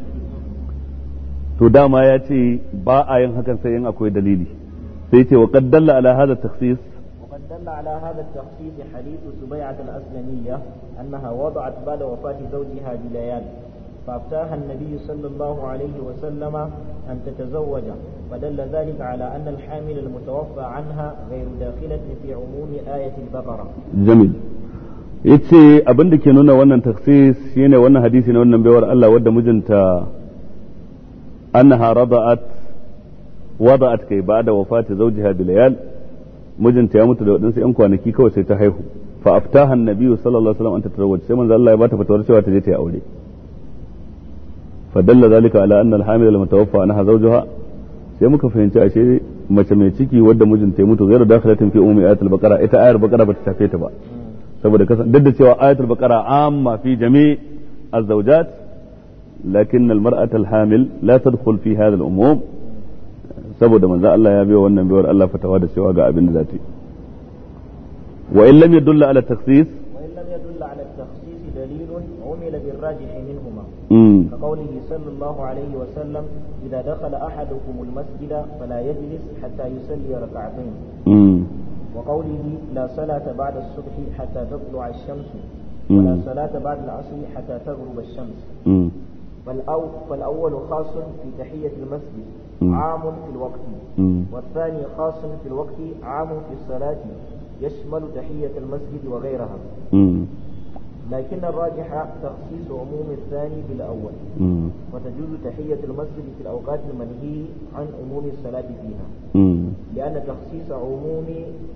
to dama ya ce ba a yin hakan sai in akwai dalili sai ce wa qaddalla ala hadha takhsis دل على هذا التخصيص حديث سبيعة الأسلمية أنها وضعت بعد وفاة زوجها بليال فأفتاها النبي صلى الله عليه وسلم أن تتزوج فدل ذلك على أن الحامل المتوفى عنها غير داخلة في عموم آية البقرة جميل yace abin da ke nuna wannan taksis shine wannan hadisi na wannan baiwar Allah wadda mijinta annaha rada'at wada'at kai ba wafati zawjiha bilayal mijinta ya mutu da waɗansu yan kwanaki kawai sai ta haihu fa aftaha annabiyyu sallallahu alaihi wasallam an tatazawwaj sai manzo Allah ya bata fatawar cewa ta je ta yi aure fa dalla zalika ala anna al-hamil al-mutawaffa anha zawjuha sai muka fahimci ashe mace mai ciki wadda mijinta ya mutu gairu dakhilatin fi ummi ayatul baqara ita ayar baqara bata tafe ta ba saboda kasan duk da cewa ayatul baqara amma fi jami' az-zawjat lakin al-mar'atu al-hamil la tadkhul fi hadha al-umum saboda manzo Allah ya biyo wannan biyar Allah fatawa da cewa ga abin da zati wa illam yadulla ala takhsis wa in yadulla ala takhsis dalilun umila bil rajih minhuma كقوله صلى الله عليه وسلم إذا دخل أحدكم المسجد فلا يجلس حتى يصلي ركعتين وقوله لا صلاة بعد الصبح حتى تطلع الشمس ولا صلاة بعد العصر حتى تغرب الشمس فالأول خاص في تحية المسجد عام في الوقت والثاني خاص في الوقت عام في الصلاة يشمل تحية المسجد وغيرها لكن الراجح تخصيص عموم الثاني بالأول وتجوز تحية المسجد في الأوقات المنهي عن عموم الصلاة فيها لأن تخصيص عموم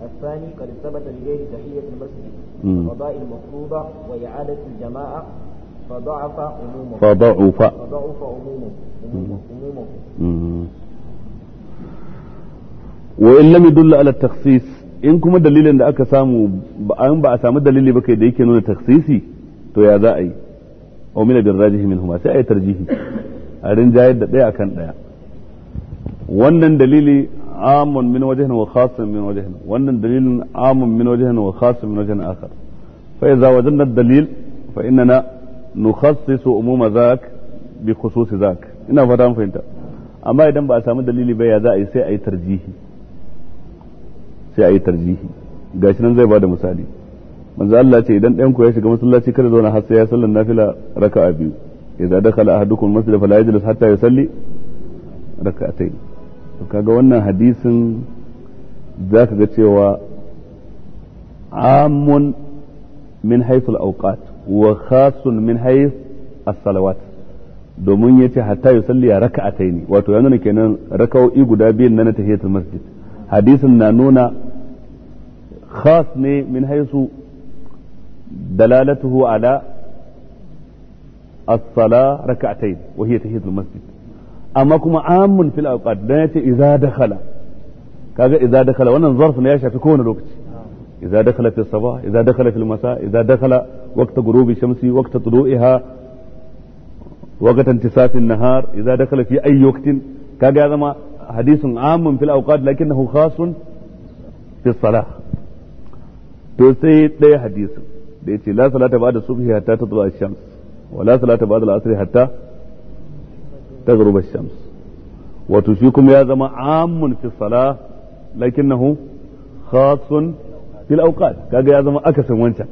الثاني قد ثبت لغير تحية المسجد قضاء المفروضة وإعادة الجماعة فضعف عمومه فضعف فضعف عمومه Mm. wa in lam yadullu ala takhsis in kuma dalilin da aka samu an ba a samu dalili ba kai da yake nuna takhsisi to ya za a yi aw min ad-rajih minhuma sai a yi tarjihi a rinjayar da daya akan daya wannan dalili amun min wajhin wa khasun min wajhin wannan dalilin amun min wajhin wa khasun min wajhin akhar fa idza wajadna ad-dalil fa innana nukhassis umuma dhak bi khusus dhak ina fata mu fahimta amma idan ba a samu dalili ba ya za a yi sai a yi tarjihi sai a yi tarjihi gashi nan zai bada misali manzo Allah ce idan ɗayan ku ya shiga masallaci kada zauna har sai ya sallan nafila raka'a biyu idza dakhala ahadukum masjid fala yajlis hatta yusalli raka'atayn to kaga wannan hadisin zaka ga cewa amun min haythu al-awqat wa khasun min haythu as-salawat domin ya ce hatta ya raka a raka'ataini wato ya nuna kenan raka'o'i guda biyun na na tahiyatul masjid hadisin na nuna khas ne min haisu dalalatuhu ala as-sala raka'atayn wa hiya tahiyatul masjid amma kuma amun fil awqat dan yace idza dakhala kaga idza dakhala wannan zarf ne ya shafi kowane lokaci idza dakhala fi sabah idza dakhala fil masa idza dakhala waqta ghurubi shamsi waqta tulu'iha وقت انتصاف النهار إذا دخل في أي وقت كاجا هذا ما حديث عام في الأوقات لكنه خاص في الصلاة to sai ɗaya hadisin da ya ce la salata ba'da subhi hatta tatlu'a ash-shams wa salata ba'da al-asr hatta taghruba ash-shams wato shi kuma ya zama amun fi salah lakinnahu khasun fil awqat kaga ya zama akasin wancan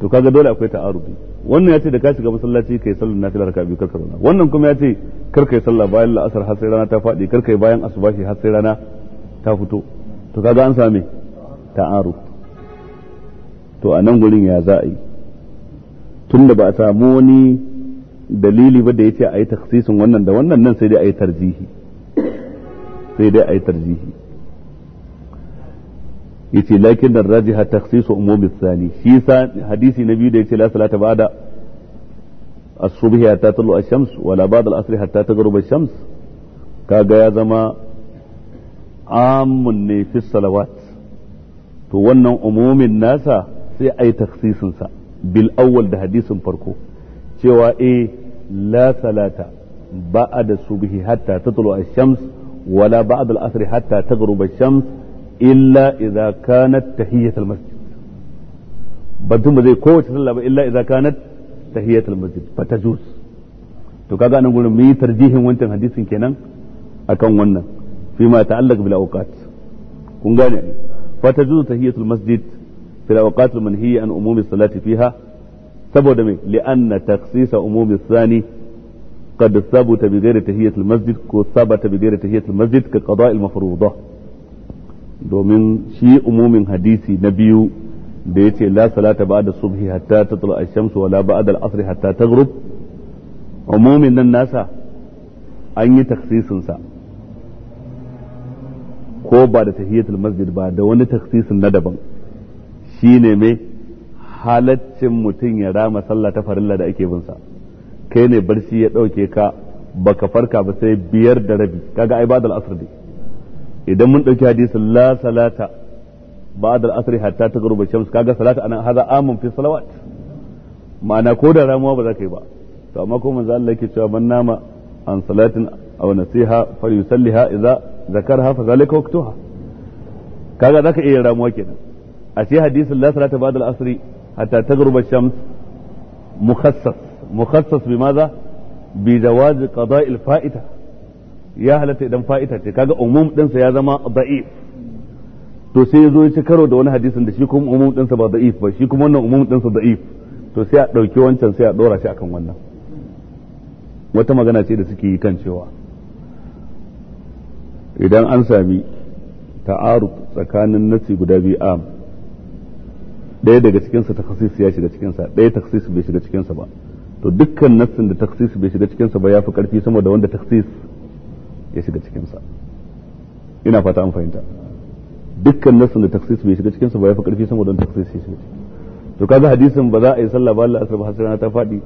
to kaga dole akwai ta'arubi wannan ya ce da ka shiga masallaci kai sallar nafila raka biyu karka zauna wannan kuma ya ce karka yi sallah bayan la'asar har sai rana ta faɗi karka yi bayan asubashi har sai rana ta fito to kaga an same ta'aru to a nan gurin ya za a yi tun da ba a samu wani dalili ba da ya ce a yi taksisin wannan da wannan nan sai dai a yi tarjihi sai dai a yi tarjihi yace lakin da rajiha takhsisu umumi thani shi sa hadisi na biyu da yace la salata ba'da as-subhi hatta tulu ash-shams wala ba'da al-asr hatta taghrub ash-shams kaga ya zama amun ne fi salawat to wannan umumin nasa sai ai takhsisin sa bil awwal da hadisin farko cewa eh la salata ba'da subhi hatta tatlu ash-shams wala ba'da al-asr hatta taghrub ash-shams illa idza kanat tahiyatul masjid batun ba zai kowace sallah illa idza kanat tahiyatul masjid fa to kaga anan gurin mu yi tarjihin wancan hadisin kenan akan wannan fi ma ta'allaq bil awqat kun gane fa tajuz masjid fi al-awqat al an umumi salati fiha saboda me li'anna takhsisa umumi thani قد ثبت بغير تهية المسجد كو ثبت بغير تهية المسجد كقضاء المفروضة domin shi umumin hadisi na biyu da yace la salata ba'da subhi hatta tatlu ash-shamsu wala ba'da al-asri hatta taghrub umumin nan nasa an yi ko ba da tahiyatul masjid ba da wani taksisin na daban shine mai halaccin mutum ya rama sallah ta farilla da ake bin kai ne barci ya dauke ka baka farka ba sai biyar da rabi kaga ai ba da idan mun ɗauki hadisin la salata ba'da al-asr hatta taghruba shams kaga salata anan haza amun fi salawat ma'ana ko da ramuwa ba za ka yi ba to amma ko manzo Allah yake cewa man nama an salatin aw nasiha falyusalliha idza zakarha fa zalika waqtuha kaga zaka iya ramuwa kenan a ce hadisin la salata ba'da al-asr hatta taghruba shams mukhassas mukhassas bi madha bi jawaz qada'i al-fa'ita ya halatta idan fa'ita ce kaga umum ɗinsa ya zama da'if to sai ya zo ya ci karo da wani hadisin da shi kuma umum ɗinsa ba da'if ba shi kuma wannan umum ɗinsa da'if to sai a ɗauki wancan sai a ɗora shi akan wannan wata magana ce da suke yi kan cewa idan an sami ta'aruf tsakanin nasi guda biyu am ɗaya daga cikinsa taksis ya shiga cikinsa ɗaya taksis bai shiga cikinsa ba to dukkan nassin da taksis bai shiga cikinsa ba ya fi ƙarfi sama da wanda taksis ya shiga cikinsa ina fata an fahimta dukkan nassin da taksis bai shiga cikinsa ba ya fi karfi sama don taksis ya shiga to kaga hadisin ba za a yi sallah ba Allah asar ba hasrana ta fadi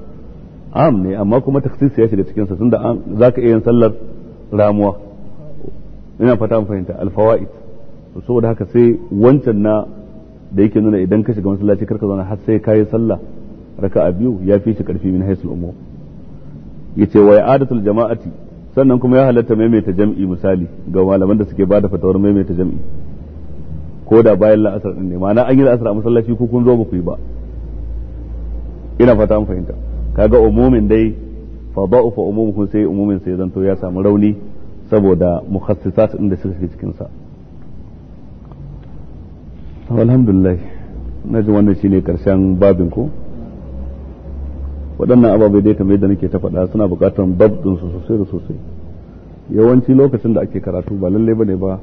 am ne amma kuma taksis ya shiga cikinsa tunda an zaka iya yin sallar ramuwa ina fata an fahimta alfawaid to saboda haka sai wancan na da yake nuna idan ka shiga masallaci karka zauna har sai kai sallah raka'a biyu ya fi shi karfi min haisul umur yace wa ya'adatul jama'ati sannan kuma ya halatta maimaita jam'i misali ga malaman da suke bada fatawar maimaita jam'i ko da bayan la'asar din ne ma'ana an yi la'asar a masallaci ko kun zo ba ku yi ba ina fata an fahimta kaga umumin dai fa ba'u fa umumuhu sai umumin sai zanto ya samu rauni saboda mukhassisat din da suka cikin cikinsa alhamdulillah na ji wannan shine karshen babin ko waɗannan ababai dai kamar yadda nake ta faɗa suna buƙatar babdin su sosai da sosai yawanci lokacin da ake karatu ba lalle bane ba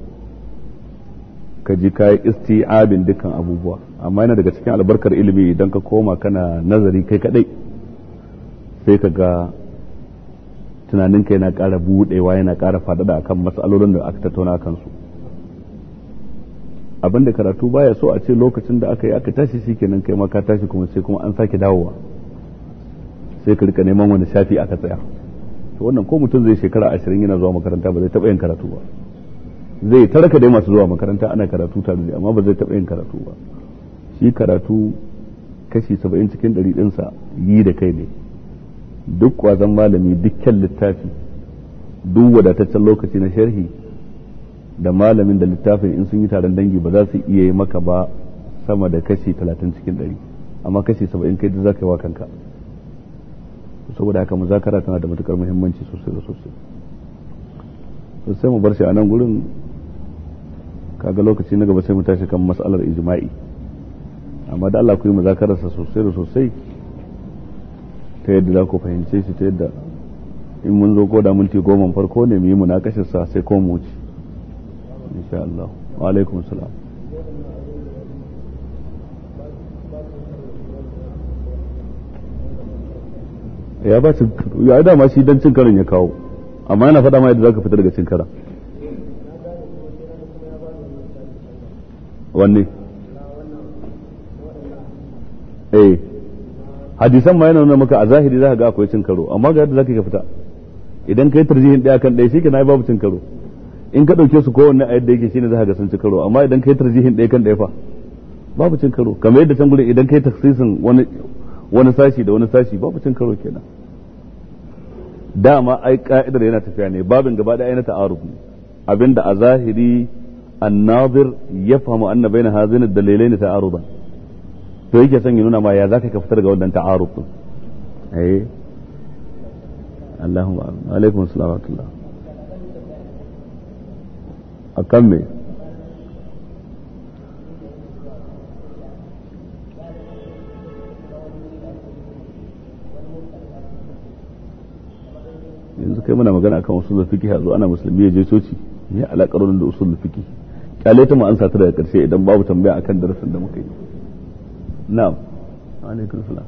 ka ji kai isti'abin dukkan abubuwa amma yana daga cikin albarkar ilimi idan ka koma kana nazari kai kadai sai ka ga tunanin tunaninka yana ƙara buɗewa yana ƙara faɗaɗa akan matsalolin da aka tattauna kansu su da karatu baya so a ce lokacin da aka yi aka tashi shi shikenan kai ma ka tashi kuma sai kuma an sake dawowa sai ka rika neman wani shafi aka tsaya to wannan ko mutum zai shekara ashirin yana zuwa makaranta ba zai taɓa yin karatu ba zai taraka dai masu zuwa makaranta ana karatu tare da amma ba zai taɓa yin karatu ba shi karatu kashi saba'in cikin ɗari ɗinsa yi da kai ne duk kwazon malami dukkan littafi duk wadataccen lokaci na sharhi da malamin da littafin in sun yi taron dangi ba za su iya yi maka ba sama da kashi talatin cikin ɗari amma kashi saba'in kai da za ka yi wa kanka saboda haka muzakara tana da matukar muhimmanci sosai da sosai sai mu bar shi a nan gurin kaga lokaci na gaba sai mu tashi kan mas'alar ijma'i amma da Allah ku yi muzakararsa sosai da sosai ta yadda za ku fahimce shi ta yadda in mun zo ko da minti goma farko ne mu yi munakashin sa sai ko mu wuce insha Allah wa alaikum salam ya ba cin ya dama shi dan cin karin ya kawo amma yana faɗa ma yadda zaka fita daga cin karan wanne eh hadisan ma yana nuna maka a zahiri zaka ga akwai cin karo amma ga yadda zaka ka fita idan kai tarjihin daya kan daya shi kenan babu cin karo in ka dauke su kowanne a yadda yake shine zaka ga sun ci karo amma idan kai tarjihin daya kan daya fa babu cin karo kamar yadda can gurin idan kai taksisin wani wani sashi da wani sashi babu cin karo kenan dama ai ka'idar yana tafiya ne babin gaba da ainihin ta'aruf ne abinda a zahiri annazir ya fahimu anna baina hazina dalilai ne ta'aruba to yake son ya nuna ma ya zaka ka fitar ga wannan ta'aruf din eh Allahumma alaikum assalam wa akan me yanzu kai muna magana akan usulul fiqh zo ana musulmi ya je coci ya alakar da usulul fiqh kyale ta mu an sata daga karshe idan babu tambaya akan darasin da muka yi na'am alaikum salam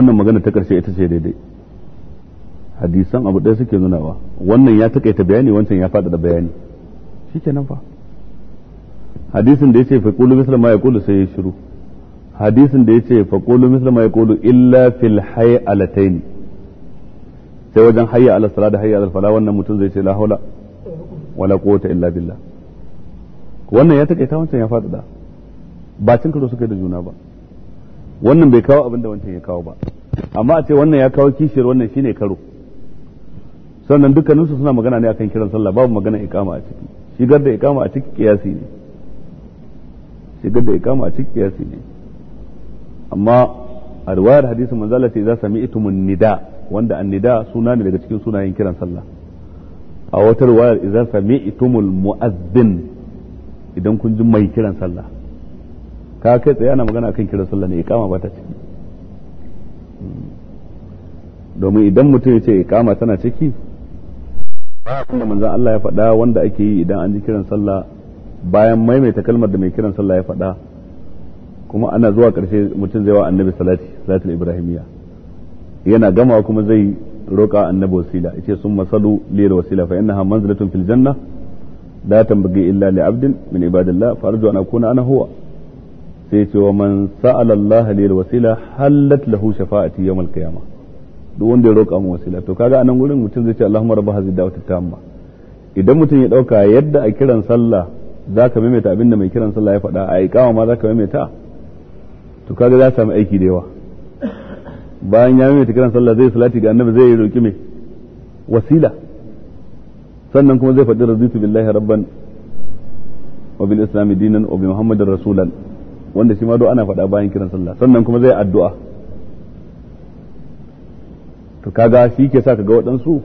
wannan magana ta ƙarshe ita ce daidai hadisan abu ɗaya suke nunawa wannan ya taƙaita bayani wancan ya faɗaɗa bayani ke nan fa hadisin da ya ce fa qulu misla ma yaqulu sai ya shiru hadisin da ya ce fa qulu misla ma yaqulu illa fil hayalatain sai wajen hayya ala da hayya ala fala wannan mutum zai ce la haula wala quwwata illa billah wannan ya taƙaita wancan ya faɗaɗa ba cin karo suka da juna ba wannan bai kawo abin da wancan ya kawo ba amma a ce wannan ya kawo kishiyar wannan shine karo sannan dukkaninsu suna magana ne akan kiran sallah babu magana ikama a ciki shigar da ikama a ciki kiyasi ne shigar da ikama a ciki kiyasi ne amma a riwayar hadisi manzala ce za sami itumun nida wanda annida suna ne daga cikin sunayen kiran sallah a wata riwayar idan sami itumul muazzin idan kun ji mai kiran sallah ka kai tsaye ana magana kan kiran sallah ne ikama ba ta ciki domin idan mutum ya ce ikama tana ciki ba kuma manzon Allah ya faɗa wanda ake yi idan an ji kiran sallah bayan maimaita kalmar da mai kiran sallah ya faɗa kuma ana zuwa ƙarshe mutum zai wa annabi salati salatul ibrahimiyya yana gama kuma zai roƙa annabi wasila yace sun masalu lil wasila fa innaha manzilatun fil janna la tanbaghi illa li abdin min ibadillah farju an akuna ana huwa sai ce wa man sa'ala Allah lil wasila halat lahu shafa'ati yawmal qiyamah duk wanda ya roƙa mun wasila to kaga anan gurin mutum zai ce Allahumma rabb hadhihi da'wati tamma idan mutum ya dauka yadda a kiran sallah zaka maimaita abinda mai kiran sallah ya faɗa a iqama ma zaka maimaita to kaga za samu aiki da yawa bayan ya maimaita kiran sallah zai salati ga annabi zai roƙi mai wasila sannan kuma zai faɗi raditu billahi rabban wa bil islami dinan wa bi muhammadin rasulan wanda shi ma do ana faɗa bayan kiran sallah sannan kuma zai addu'a to kaga shi ke sa kaga waɗansu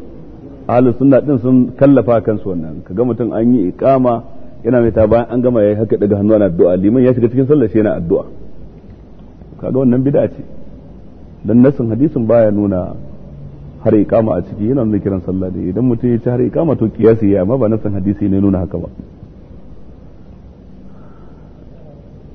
ahlus sunna din sun kallafa kansu wannan kaga mutum an yi iqama yana mai ta bayan an gama yayi haka daga hannu ana addu'a liman ya shiga cikin sallah shi yana addu'a kaga wannan bid'a ce dan nasin hadisin baya nuna har iqama a ciki yana nuna kiran sallah da idan mutum ya ci har iqama to kiyasi ya amma ba nasin hadisi ne nuna haka ba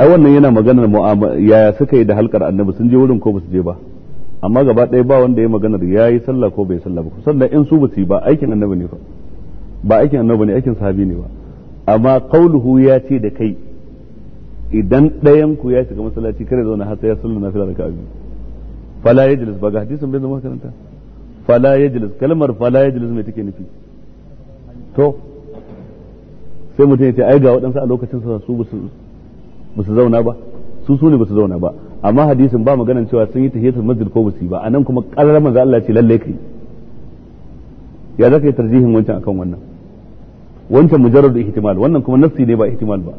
ai wannan yana maganar yaya suka yi da halkar annabi sun je wurin ko ba su je ba amma gaba ɗaya ba wanda ya maganar ya yi sallah ko bai sallah ba sannan in su ba su yi ba aikin annabi ne fa ba aikin annabi ne aikin sahabi ne ba amma kauluhu ya ce da kai idan ɗayan ku ya shiga masallaci kare zauna har sai ya sallah nafila da ka'abi fala yajlis ba ga hadisin bai zama karanta fala yajlis kalmar fala yajlis mai take nufi to sai mutum ya ce ai ga waɗansu a lokacin sa su ba su zauna ba su su ne ba su zauna ba amma hadisin ba maganan cewa sun yi tahiyatul masjid ko ba su ba anan kuma karar manzo Allah ce lalle kai ya zaka yi tarjihin wancan akan wannan wancan mujarrad ihtimal wannan kuma nafsi ne ba ihtimal ba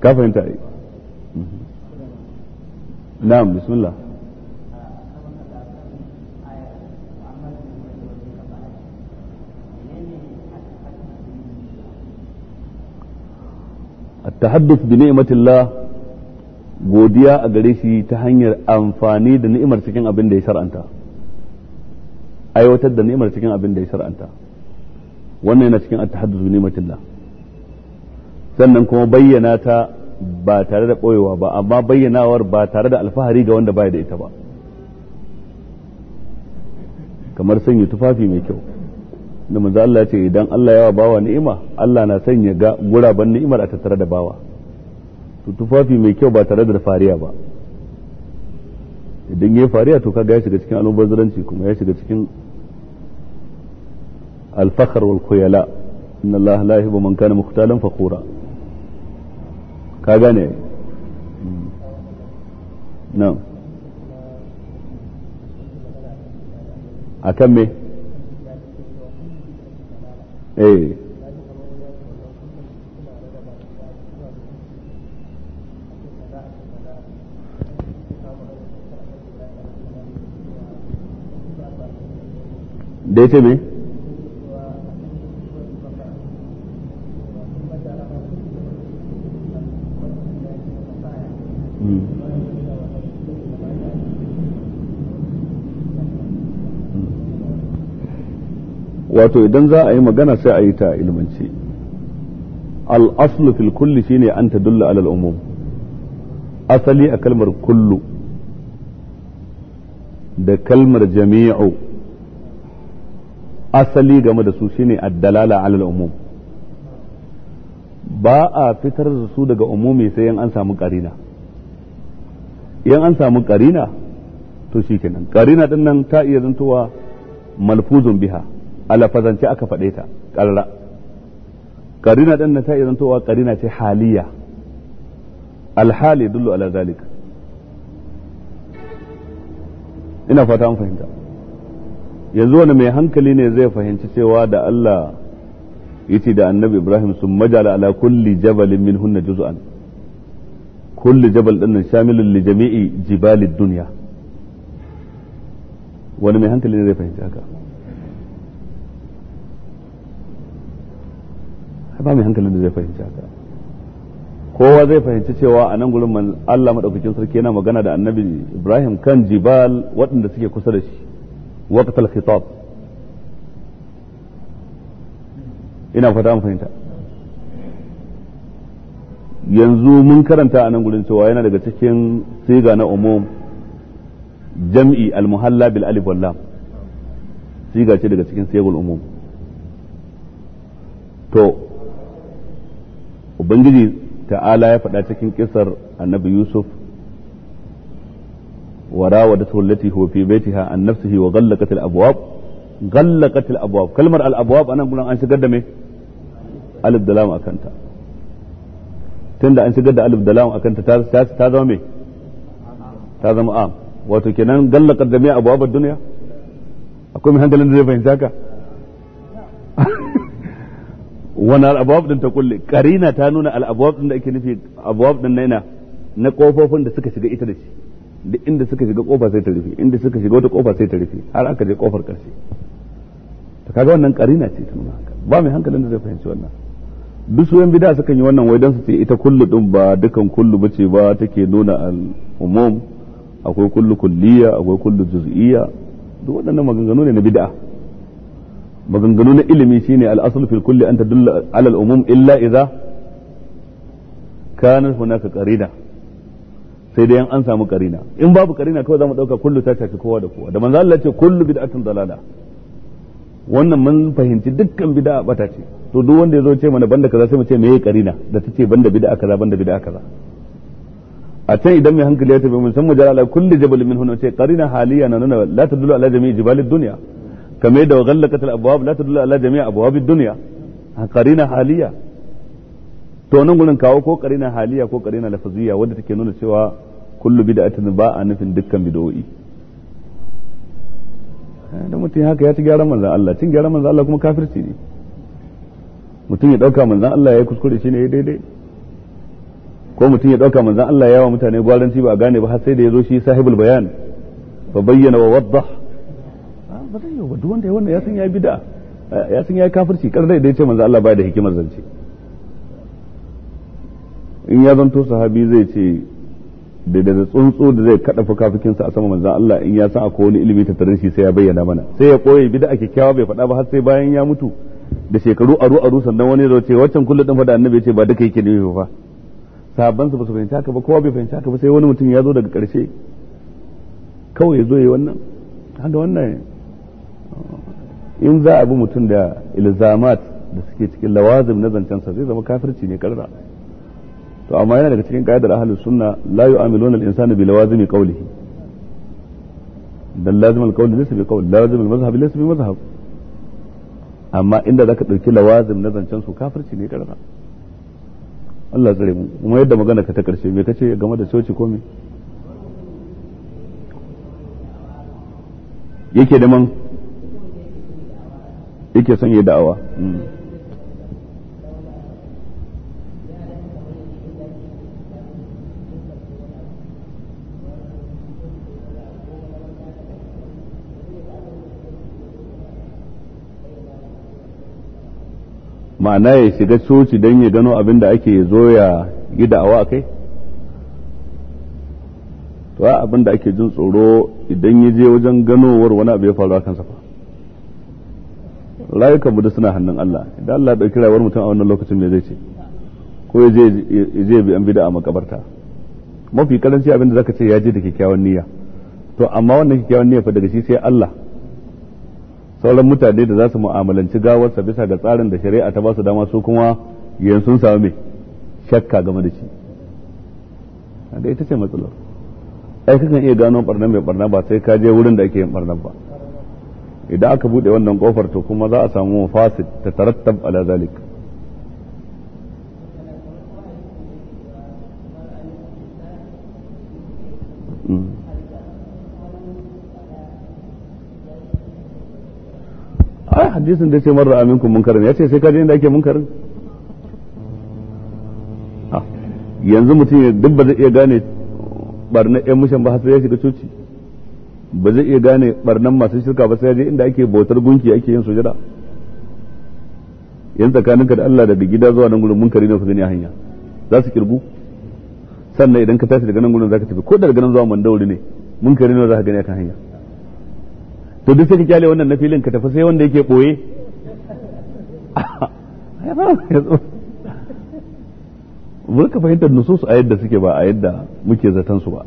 ka fahimta ai mhm. na'am bismillah at-tahadduth bi ni'matillah godiya a gare shi ta hanyar amfani da ni'imar cikin abin da ya shar'anta aiwatar da ni'imar cikin abin da ya shar'anta wannan yana cikin at-tahadduth bi ni'matillah sannan kuma bayyana ta ba tare da koyewa ba amma bayyanawar ba tare da alfahari ga wanda baya da ita ba kamar sanya tufafi mai kyau da manzo Allah ya ce idan Allah ya yawa bawa ni'ima Allah na san ya ga guraben ni'imar a tattare da bawa to tufafi mai kyau ba tare da fariya ba idan yayi fariya to kaga ya shiga cikin almubazzaranci kuma ya shiga cikin al-fakhr wal khuyala inna Allah la yuhibbu man kana mukhtalan fakhura ka gane na'am akan me eh da ya wato idan za a yi magana sai a yi ta ilmance al'aslu fil kulli shine an dulla alal umum asali a kalmar kullu da kalmar jami'u asali game da su shine addalala dalala alal umum ba a fitar da su daga umumi sai yan an samu karina yan an samu karina to shi kenan karina din nan ta iya zantowa malfuzun biha alafazance aka faɗe ta ƙarra karina ɗan na ta iya zantowa karina ce haliya alhali dullu ala zalik ina fata an fahimta yanzu wani mai hankali ne zai fahimci cewa da Allah yace da annabi Ibrahim sun majala ala kulli jabalin min hunna juz'an kulli jabal din shamilun li jami'i jibalid dunya wani mai hankali ne zai fahimci haka ba mai hankalin da zai fahimci haka kowa zai fahimci cewa a nan gurin Allah madaukakin sarki yana magana da annabi Ibrahim kan jibal waɗanda suke kusa da shi waqtal khitab ina fata an fahimta yanzu mun karanta a nan gurin cewa yana daga cikin siga na umum jam'i al-muhalla bil alif wal lam siga ce daga cikin sigul umum to ubangiji ta'ala ya faɗa cikin kisar annabi yusuf وراودته التي هو في بيتها عن نفسه وغلقت الابواب غلقت الابواب كلمه الابواب انا اقول ان da مي الف دلام اكنتا tunda an shigar da alif da lam akan ta ta zama me ta zama am wato kenan gallakar da me abuwa duniya akwai mai hankalin da zai fahimta ka wani al'abwab ɗin ta kulle karina ta nuna al'abwab ɗin da ake nufi abwab ɗin na na kofofin da suka shiga ita da shi duk inda suka shiga kofa sai ta rufe inda suka shiga wata kofa sai ta rufe har aka je kofar karshe ta kaga wannan karina ce ta nuna haka ba mai hankalin da zai fahimci wannan duk su yan bida suka yi wannan wai don su ce ita kullu ɗin ba dukan kullu ce ba take nuna al-umum akwai kullu kulliya akwai kullu juz'iyya duk waɗannan maganganu ne na bid'a maganganu na ilimi shine al-aslu fil kulli an tadullu ala al-umum illa idza kana hunaka qarina sai dai an samu karina in babu karina kawai zamu dauka kullu ta shafi kowa da kowa da manzo Allah ce kullu bid'atin dalala wannan mun fahimci dukkan bid'a bata ce to duk wanda yazo ce mana banda kaza sai mu ce meye karina da ta ce banda bid'a kaza banda bid'a kaza a can idan mai hankali ya tafi mun san mujalla kullu jabal min hunu ce karina haliya na nuna la tadullu ala jami'i jibalid dunya kamar yadda wa ghallaqatil abwab ta tadullu ala jami'a abwabid dunya qarina haliya to nan gudun kawo ko karina haliya ko karina lafziya wadda take nuna cewa kullu bid'atin ba a nufin dukkan bid'o'i da mutum haka ya ci gyaran manzan Allah cin gyaran manzan Allah kuma kafirci ne mutum ya dauka manzan Allah ya kuskure shi ne ya daidai ko mutum ya dauka manzan Allah ya wa mutane gwaranci ba a gane ba har sai da ya zo shi sahibul bayan fa bayyana wa waddah ba zai yi ba duk wanda ya wannan ya san ya bid'a ya san ya kafirci karzai da yace manzo Allah bai da hikimar zance in ya zanto sahabi zai ce da da tsuntsu da zai kada fukafukinsa a sama manzo Allah in ya sa akwai wani ilimi ta shi sai ya bayyana mana sai ya koye bid'a kyakkyawa bai faɗa ba har sai bayan ya mutu da shekaru aru aru sannan wani zai ce waccan kullu din fa annabi ce ba duka yake nufi fa. sahabban su ba su fahimta ka ba kowa bai fahimta ka ba sai wani mutum ya zo daga karshe kawai ya zo yi wannan haka wannan in za a bi mutum da ilzamat da suke cikin lawazim na zancensa zai zama kafirci ne karra to amma yana daga cikin ka'idar ahlus sunna la yu'amiluna al-insana bi lawazimi qawlihi dan lazim al-qawl laysa bi qawl lazim al-mazhab laysa bi mazhab amma inda zaka dauki lawazim na zancen su kafirci ne karra Allah tsare mu kuma yadda magana ka ta karshe me kace game da coci ko me yake da man yake son ya da'awa ma'ana ya shiga coci don ya gano abin da ake zo ya yi da'awa kai to abin da ake jin tsoro idan ya je wajen ganowar wani abu ya faru a kansa fa rayukan mu da suna hannun Allah idan Allah ya dauki rayuwar mutum a wannan lokacin me zai ce ko ya je bi an bida a makabarta mafi karanci abin da zaka ce ya je da kyakkyawan niyya to amma wannan kyakkyawan niyya fa daga shi sai Allah sauran mutane da za su mu'amalanci gawarsa bisa ga tsarin da shari'a ta ba su dama su kuma yanzu sun samu me shakka game da shi da ita ce matsalar ai kakan iya gano barna mai barna ba sai ka je wurin da ake yin barna ba idan aka bude wannan kofar to kuma za a samu mafasid ta tarattab ala zalik mm. ai hadisin da ce marar aminkum munkarin ya ce sai ka je inda ake munkarin ah, yanzu mutum duk ba zai iya gane barna yan eh, mushan ba har sai ya shiga coci ba zai iya gane barnan masu shirka ba sai je inda ake bautar gunki ake yin sujada yan tsakaninka da Allah daga gida zuwa nan gurin munkari ne ku gani a hanya za su kirgu sannan idan ka tashi daga nan gurin zaka tafi ko daga nan zuwa mandauri ne munkari ne za ka gani akan hanya to duk sai ka kyale wannan na filin ka tafi sai wanda yake boye mun ka fahimtar nusus a yadda suke ba a yadda muke zaton su ba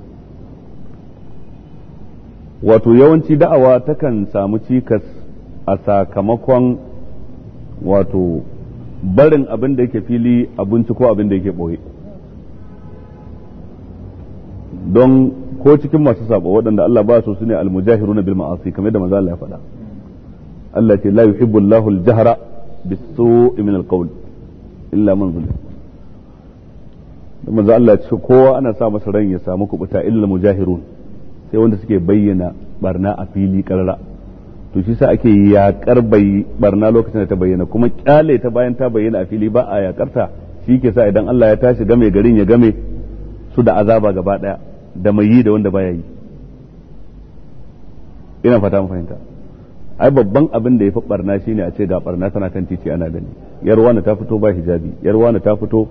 wato yawanci da'awa takan samu cikas a sakamakon wato barin abin da yake fili abinci ko abin da yake ɓoye don ko cikin masu sabo waɗanda Allah ba su ne almujahiruna bil ma'asi kamar da manzo Allah ya faɗa Allah ce la yuhibbu Allahu al-jahra bis-su'i min al-qawl illa man zulim manzo Allah ya ce kowa ana sa masa ran ya samu kubuta illa mujahirun sai wanda suke bayyana barna a fili karara to shi sa ake yakar bai barna lokacin da ta bayyana kuma kyale ta bayan ta bayyana a fili ba a yakarta shi ke sa idan Allah ya tashi game garin ya game su da azaba gaba daya da mai yi da wanda baya yi ina fata mu fahimta ai babban abin da ya fi barna shine a ce ga barna tana kan titi ana gani yarwana ta fito ba hijabi yarwana ta fito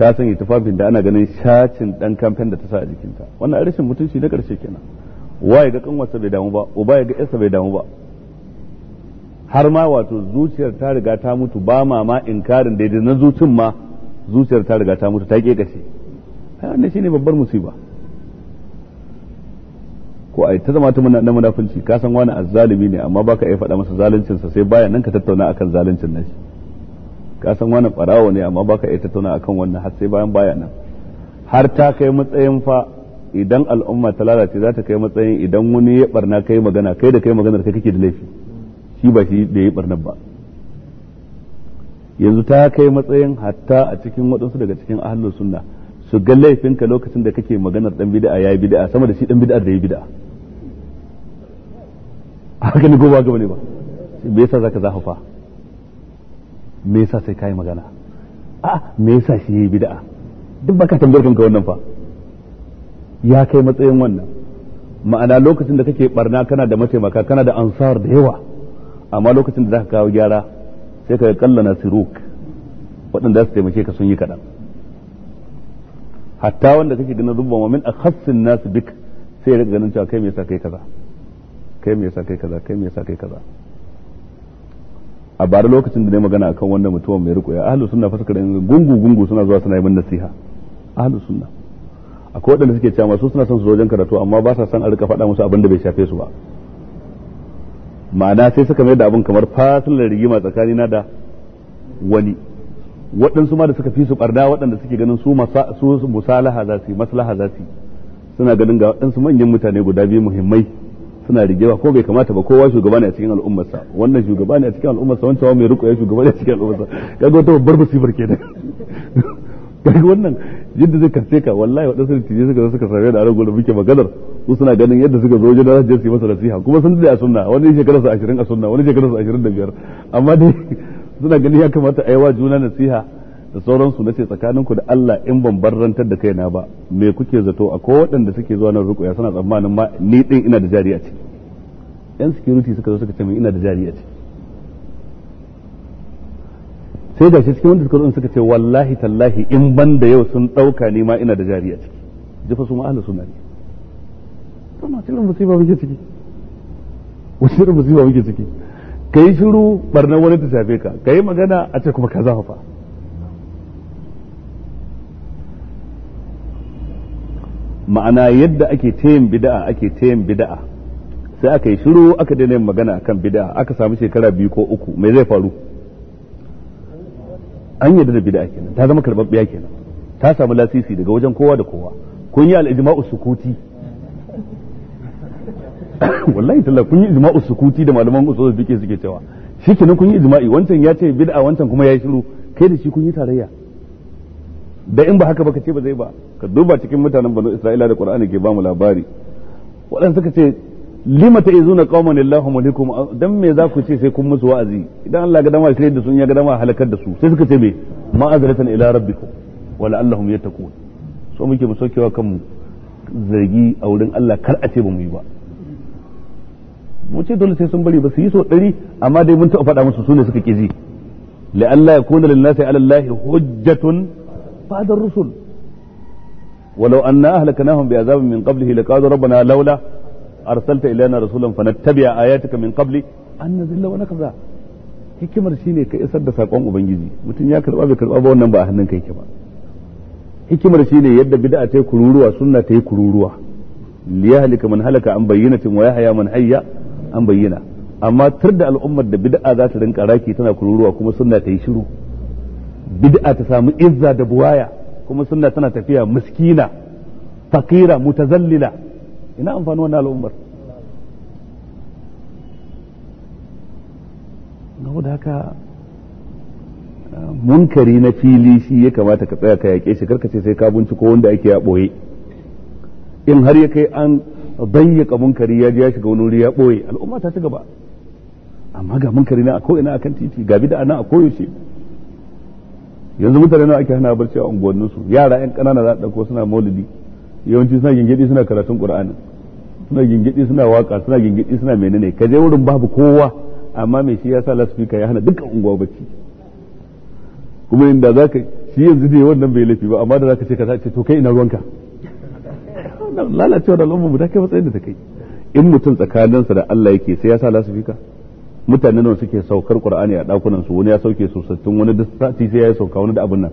ta sanya tufafin da ana ganin shacin dan kamfen da ta sa a jikinta wannan rashin mutunci na karshe kenan ya ga kanwarsa bai damu ba uba ya ga yarsa bai damu ba har ma wato zuciyar ta riga ta mutu ba ma ma inkarin daidai na zucin ma zuciyar ta riga ta mutu ta ke kashe wannan shine babbar musiba ko ai ta zama ta na munafunci ka san wani azzalimi ne amma baka iya faɗa masa zaluncinsa sai bayan nan ka tattauna akan zaluncin nashi ka san wani barawo ne amma baka iya tattauna akan wannan har sai bayan baya nan har ta kai matsayin fa idan al'umma ta lalace za ta kai matsayin idan wani ya barna kai magana kai da kai maganar kai kake da laifi shi ba shi da ya barna ba yanzu ta kai matsayin hatta a cikin waɗansu daga cikin ahlus sunna su ga laifinka lokacin da kake maganar dan bid'a yayi bid'a sama da shi dan bid'a da yayi bid'a haka ne gobe ga bane ba me yasa zaka zahafa me yasa sai kai magana a me yasa shi yayi bid'a duk baka tambayar kanka wannan fa ya kai matsayin wannan ma'ana lokacin da kake barna kana da mataimaka kana da ansar da yawa amma lokacin da zaka kawo gyara sai ka kallana siruk waɗanda su taimake ka sun yi kaɗan hatta wanda kake ganin zuba ma min akhassin nas bik sai ya ganin cewa kai me yasa kai kaza kai me yasa kai kaza kai me yasa kai kaza a bara lokacin da ne magana akan wannan mutumin mai riko ya ahlus sunna fasaka gungu gungu suna zuwa suna yi min nasiha ahlus sunna akwai waɗanda suke cewa su suna son su zo karatu amma ba sa son a rika faɗa musu abin da bai shafe su ba ma'ana sai suka mai da abin kamar fasilar rigima tsakanina da wani waɗansu ma da suka fi su barda waɗanda suke ganin su su musalaha za su yi maslaha za su yi suna ganin ga waɗansu manyan mutane guda biyu muhimmai suna rigewa ko bai kamata ba kowa shugaba ne a cikin al'ummarsa wannan shugaba ne a cikin al'ummarsa wancan mai riko ya shugaba ne a cikin al'ummarsa kaga wata babbar musibar kenan [LAUGHS] kaga wannan yadda zai kace ka wallahi wadansu tije suka zo suka same da aron gudu muke maganar su suna ganin yadda suka zo wajen da su yi masa nasiha kuma sun da a sunna wani shekarar su 20 a sunna wani shekarar da biyar amma dai [LAUGHS] suna ganin ya kamata a yi wa juna nasiha da sauransu na ce tsakaninku da Allah in ban barrantar da kaina ba me kuke zato ko waɗanda suke zuwa nan rukuya suna tsammanin ma ni din ina da jari a yan security suka zo suka ce min ina da jari a sai da shi cikin wanda suka zo suka ce wallahi tallahi in ban da yau sun ɗauka ni ma ina da jari a ciki jifa su ma suna ne kuma cikin musiba muke ciki Wasu irin musiba muke ciki Ka yi shiru ɓarnar wani ta shafe ka ka yi magana a ce kuma ka zafafa ma'ana yadda ake tayin bid'a ake tayin bid'a sai aka yi shiru aka daina yin magana akan bid'a aka samu shekara biyu ko uku me zai faru an yarda da bid'a kenan ta zama karbabbiya kenan ta samu lasisi daga wajen kowa da kowa kun yi al-ijma'u sukuti [COUGHS] wallahi talla kun yi ijma'u sukuti da malaman usul fiqh suke cewa shikenan kun yi ijma'i wancan ya ce bid'a wancan kuma ya yi shiru kai da shi kun yi tarayya da in ba haka ba ka ce ba zai ba ka duba cikin mutanen banu isra'ila da qur'ani ke ba mu labari waɗanda suka ce lima ta izuna qauman illahu mulikum dan me za ku ce sai kun musu wa'azi idan Allah ga dama shirye da sun ya ga dama halakar da su sai suka ce me ma'azratan ila rabbikum wa la'allahum yattaqun so muke mu saukewa kanmu zargi a wurin Allah kar a ce ba mu yi ba mu ce dole sai sun bari ba su yi so ɗari amma dai mun taɓa faɗa musu su ne suka ƙi ji la'alla yakuna lin-nasi 'ala Allahi hujjatun بعد الرسل ولو أنا أهلكناهم بعذاب من قبله لقالوا ربنا لولا أرسلت إلينا رسولا فنتبع آياتك من قبل أن نذل ونخزى hikimar ka isar da sakon ubangiji mutum ya karɓa bai karɓa ba wannan ba a hannun kai ba hikimar ne yadda bid'a ta yi kururuwa sunna ta yi kururuwa liyahlika man halaka an bayyana wa yahya man hayya an bayyana amma tur da al'ummar da bid'a za ta rinka raki tana kururuwa kuma sunna ta yi shiru bid'a ta samu izza da buwaya kuma sunna tana tafiya miskina fakira mutazallila ina amfani wannan al'ummar ga da haka ah, munkari na fili shi ya kamata ka tsaya ka yaƙe shi karka ce sai ka binciko wanda ake ya boye in har ya kai an bayyaka munkari ya ji ya shiga wani wuri ya ɓoye al'umma ta ci gaba amma ga munkari na a ko'ina akan titi ga bida na a koyaushe yanzu mutane nawa ake hana barci a unguwannin su yara yan kanana za a dauko suna maulidi yawanci suna gingidi suna karatun qur'ani suna gingidi suna waka suna gingidi suna menene ka je wurin babu kowa amma mai shi ya sa lasfika ya hana dukkan unguwa bacci kuma inda za ka shi yanzu ne wannan bai laifi ba amma da za ka ce ka ce to kai ina ruwanka lalacewa da al'umma mu ta kai matsayin da ta kai in mutum tsakaninsa da Allah yake sai ya sa lasfika mutane nan suke saukar qur'ani a dakunan su wani ya sauke su sattun wani da sati sai ya sauka wani da abun nan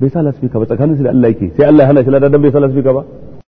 bai sa lasfika ba tsakanin su da Allah yake sai Allah ya hana shi ladan bai sa lasfika ba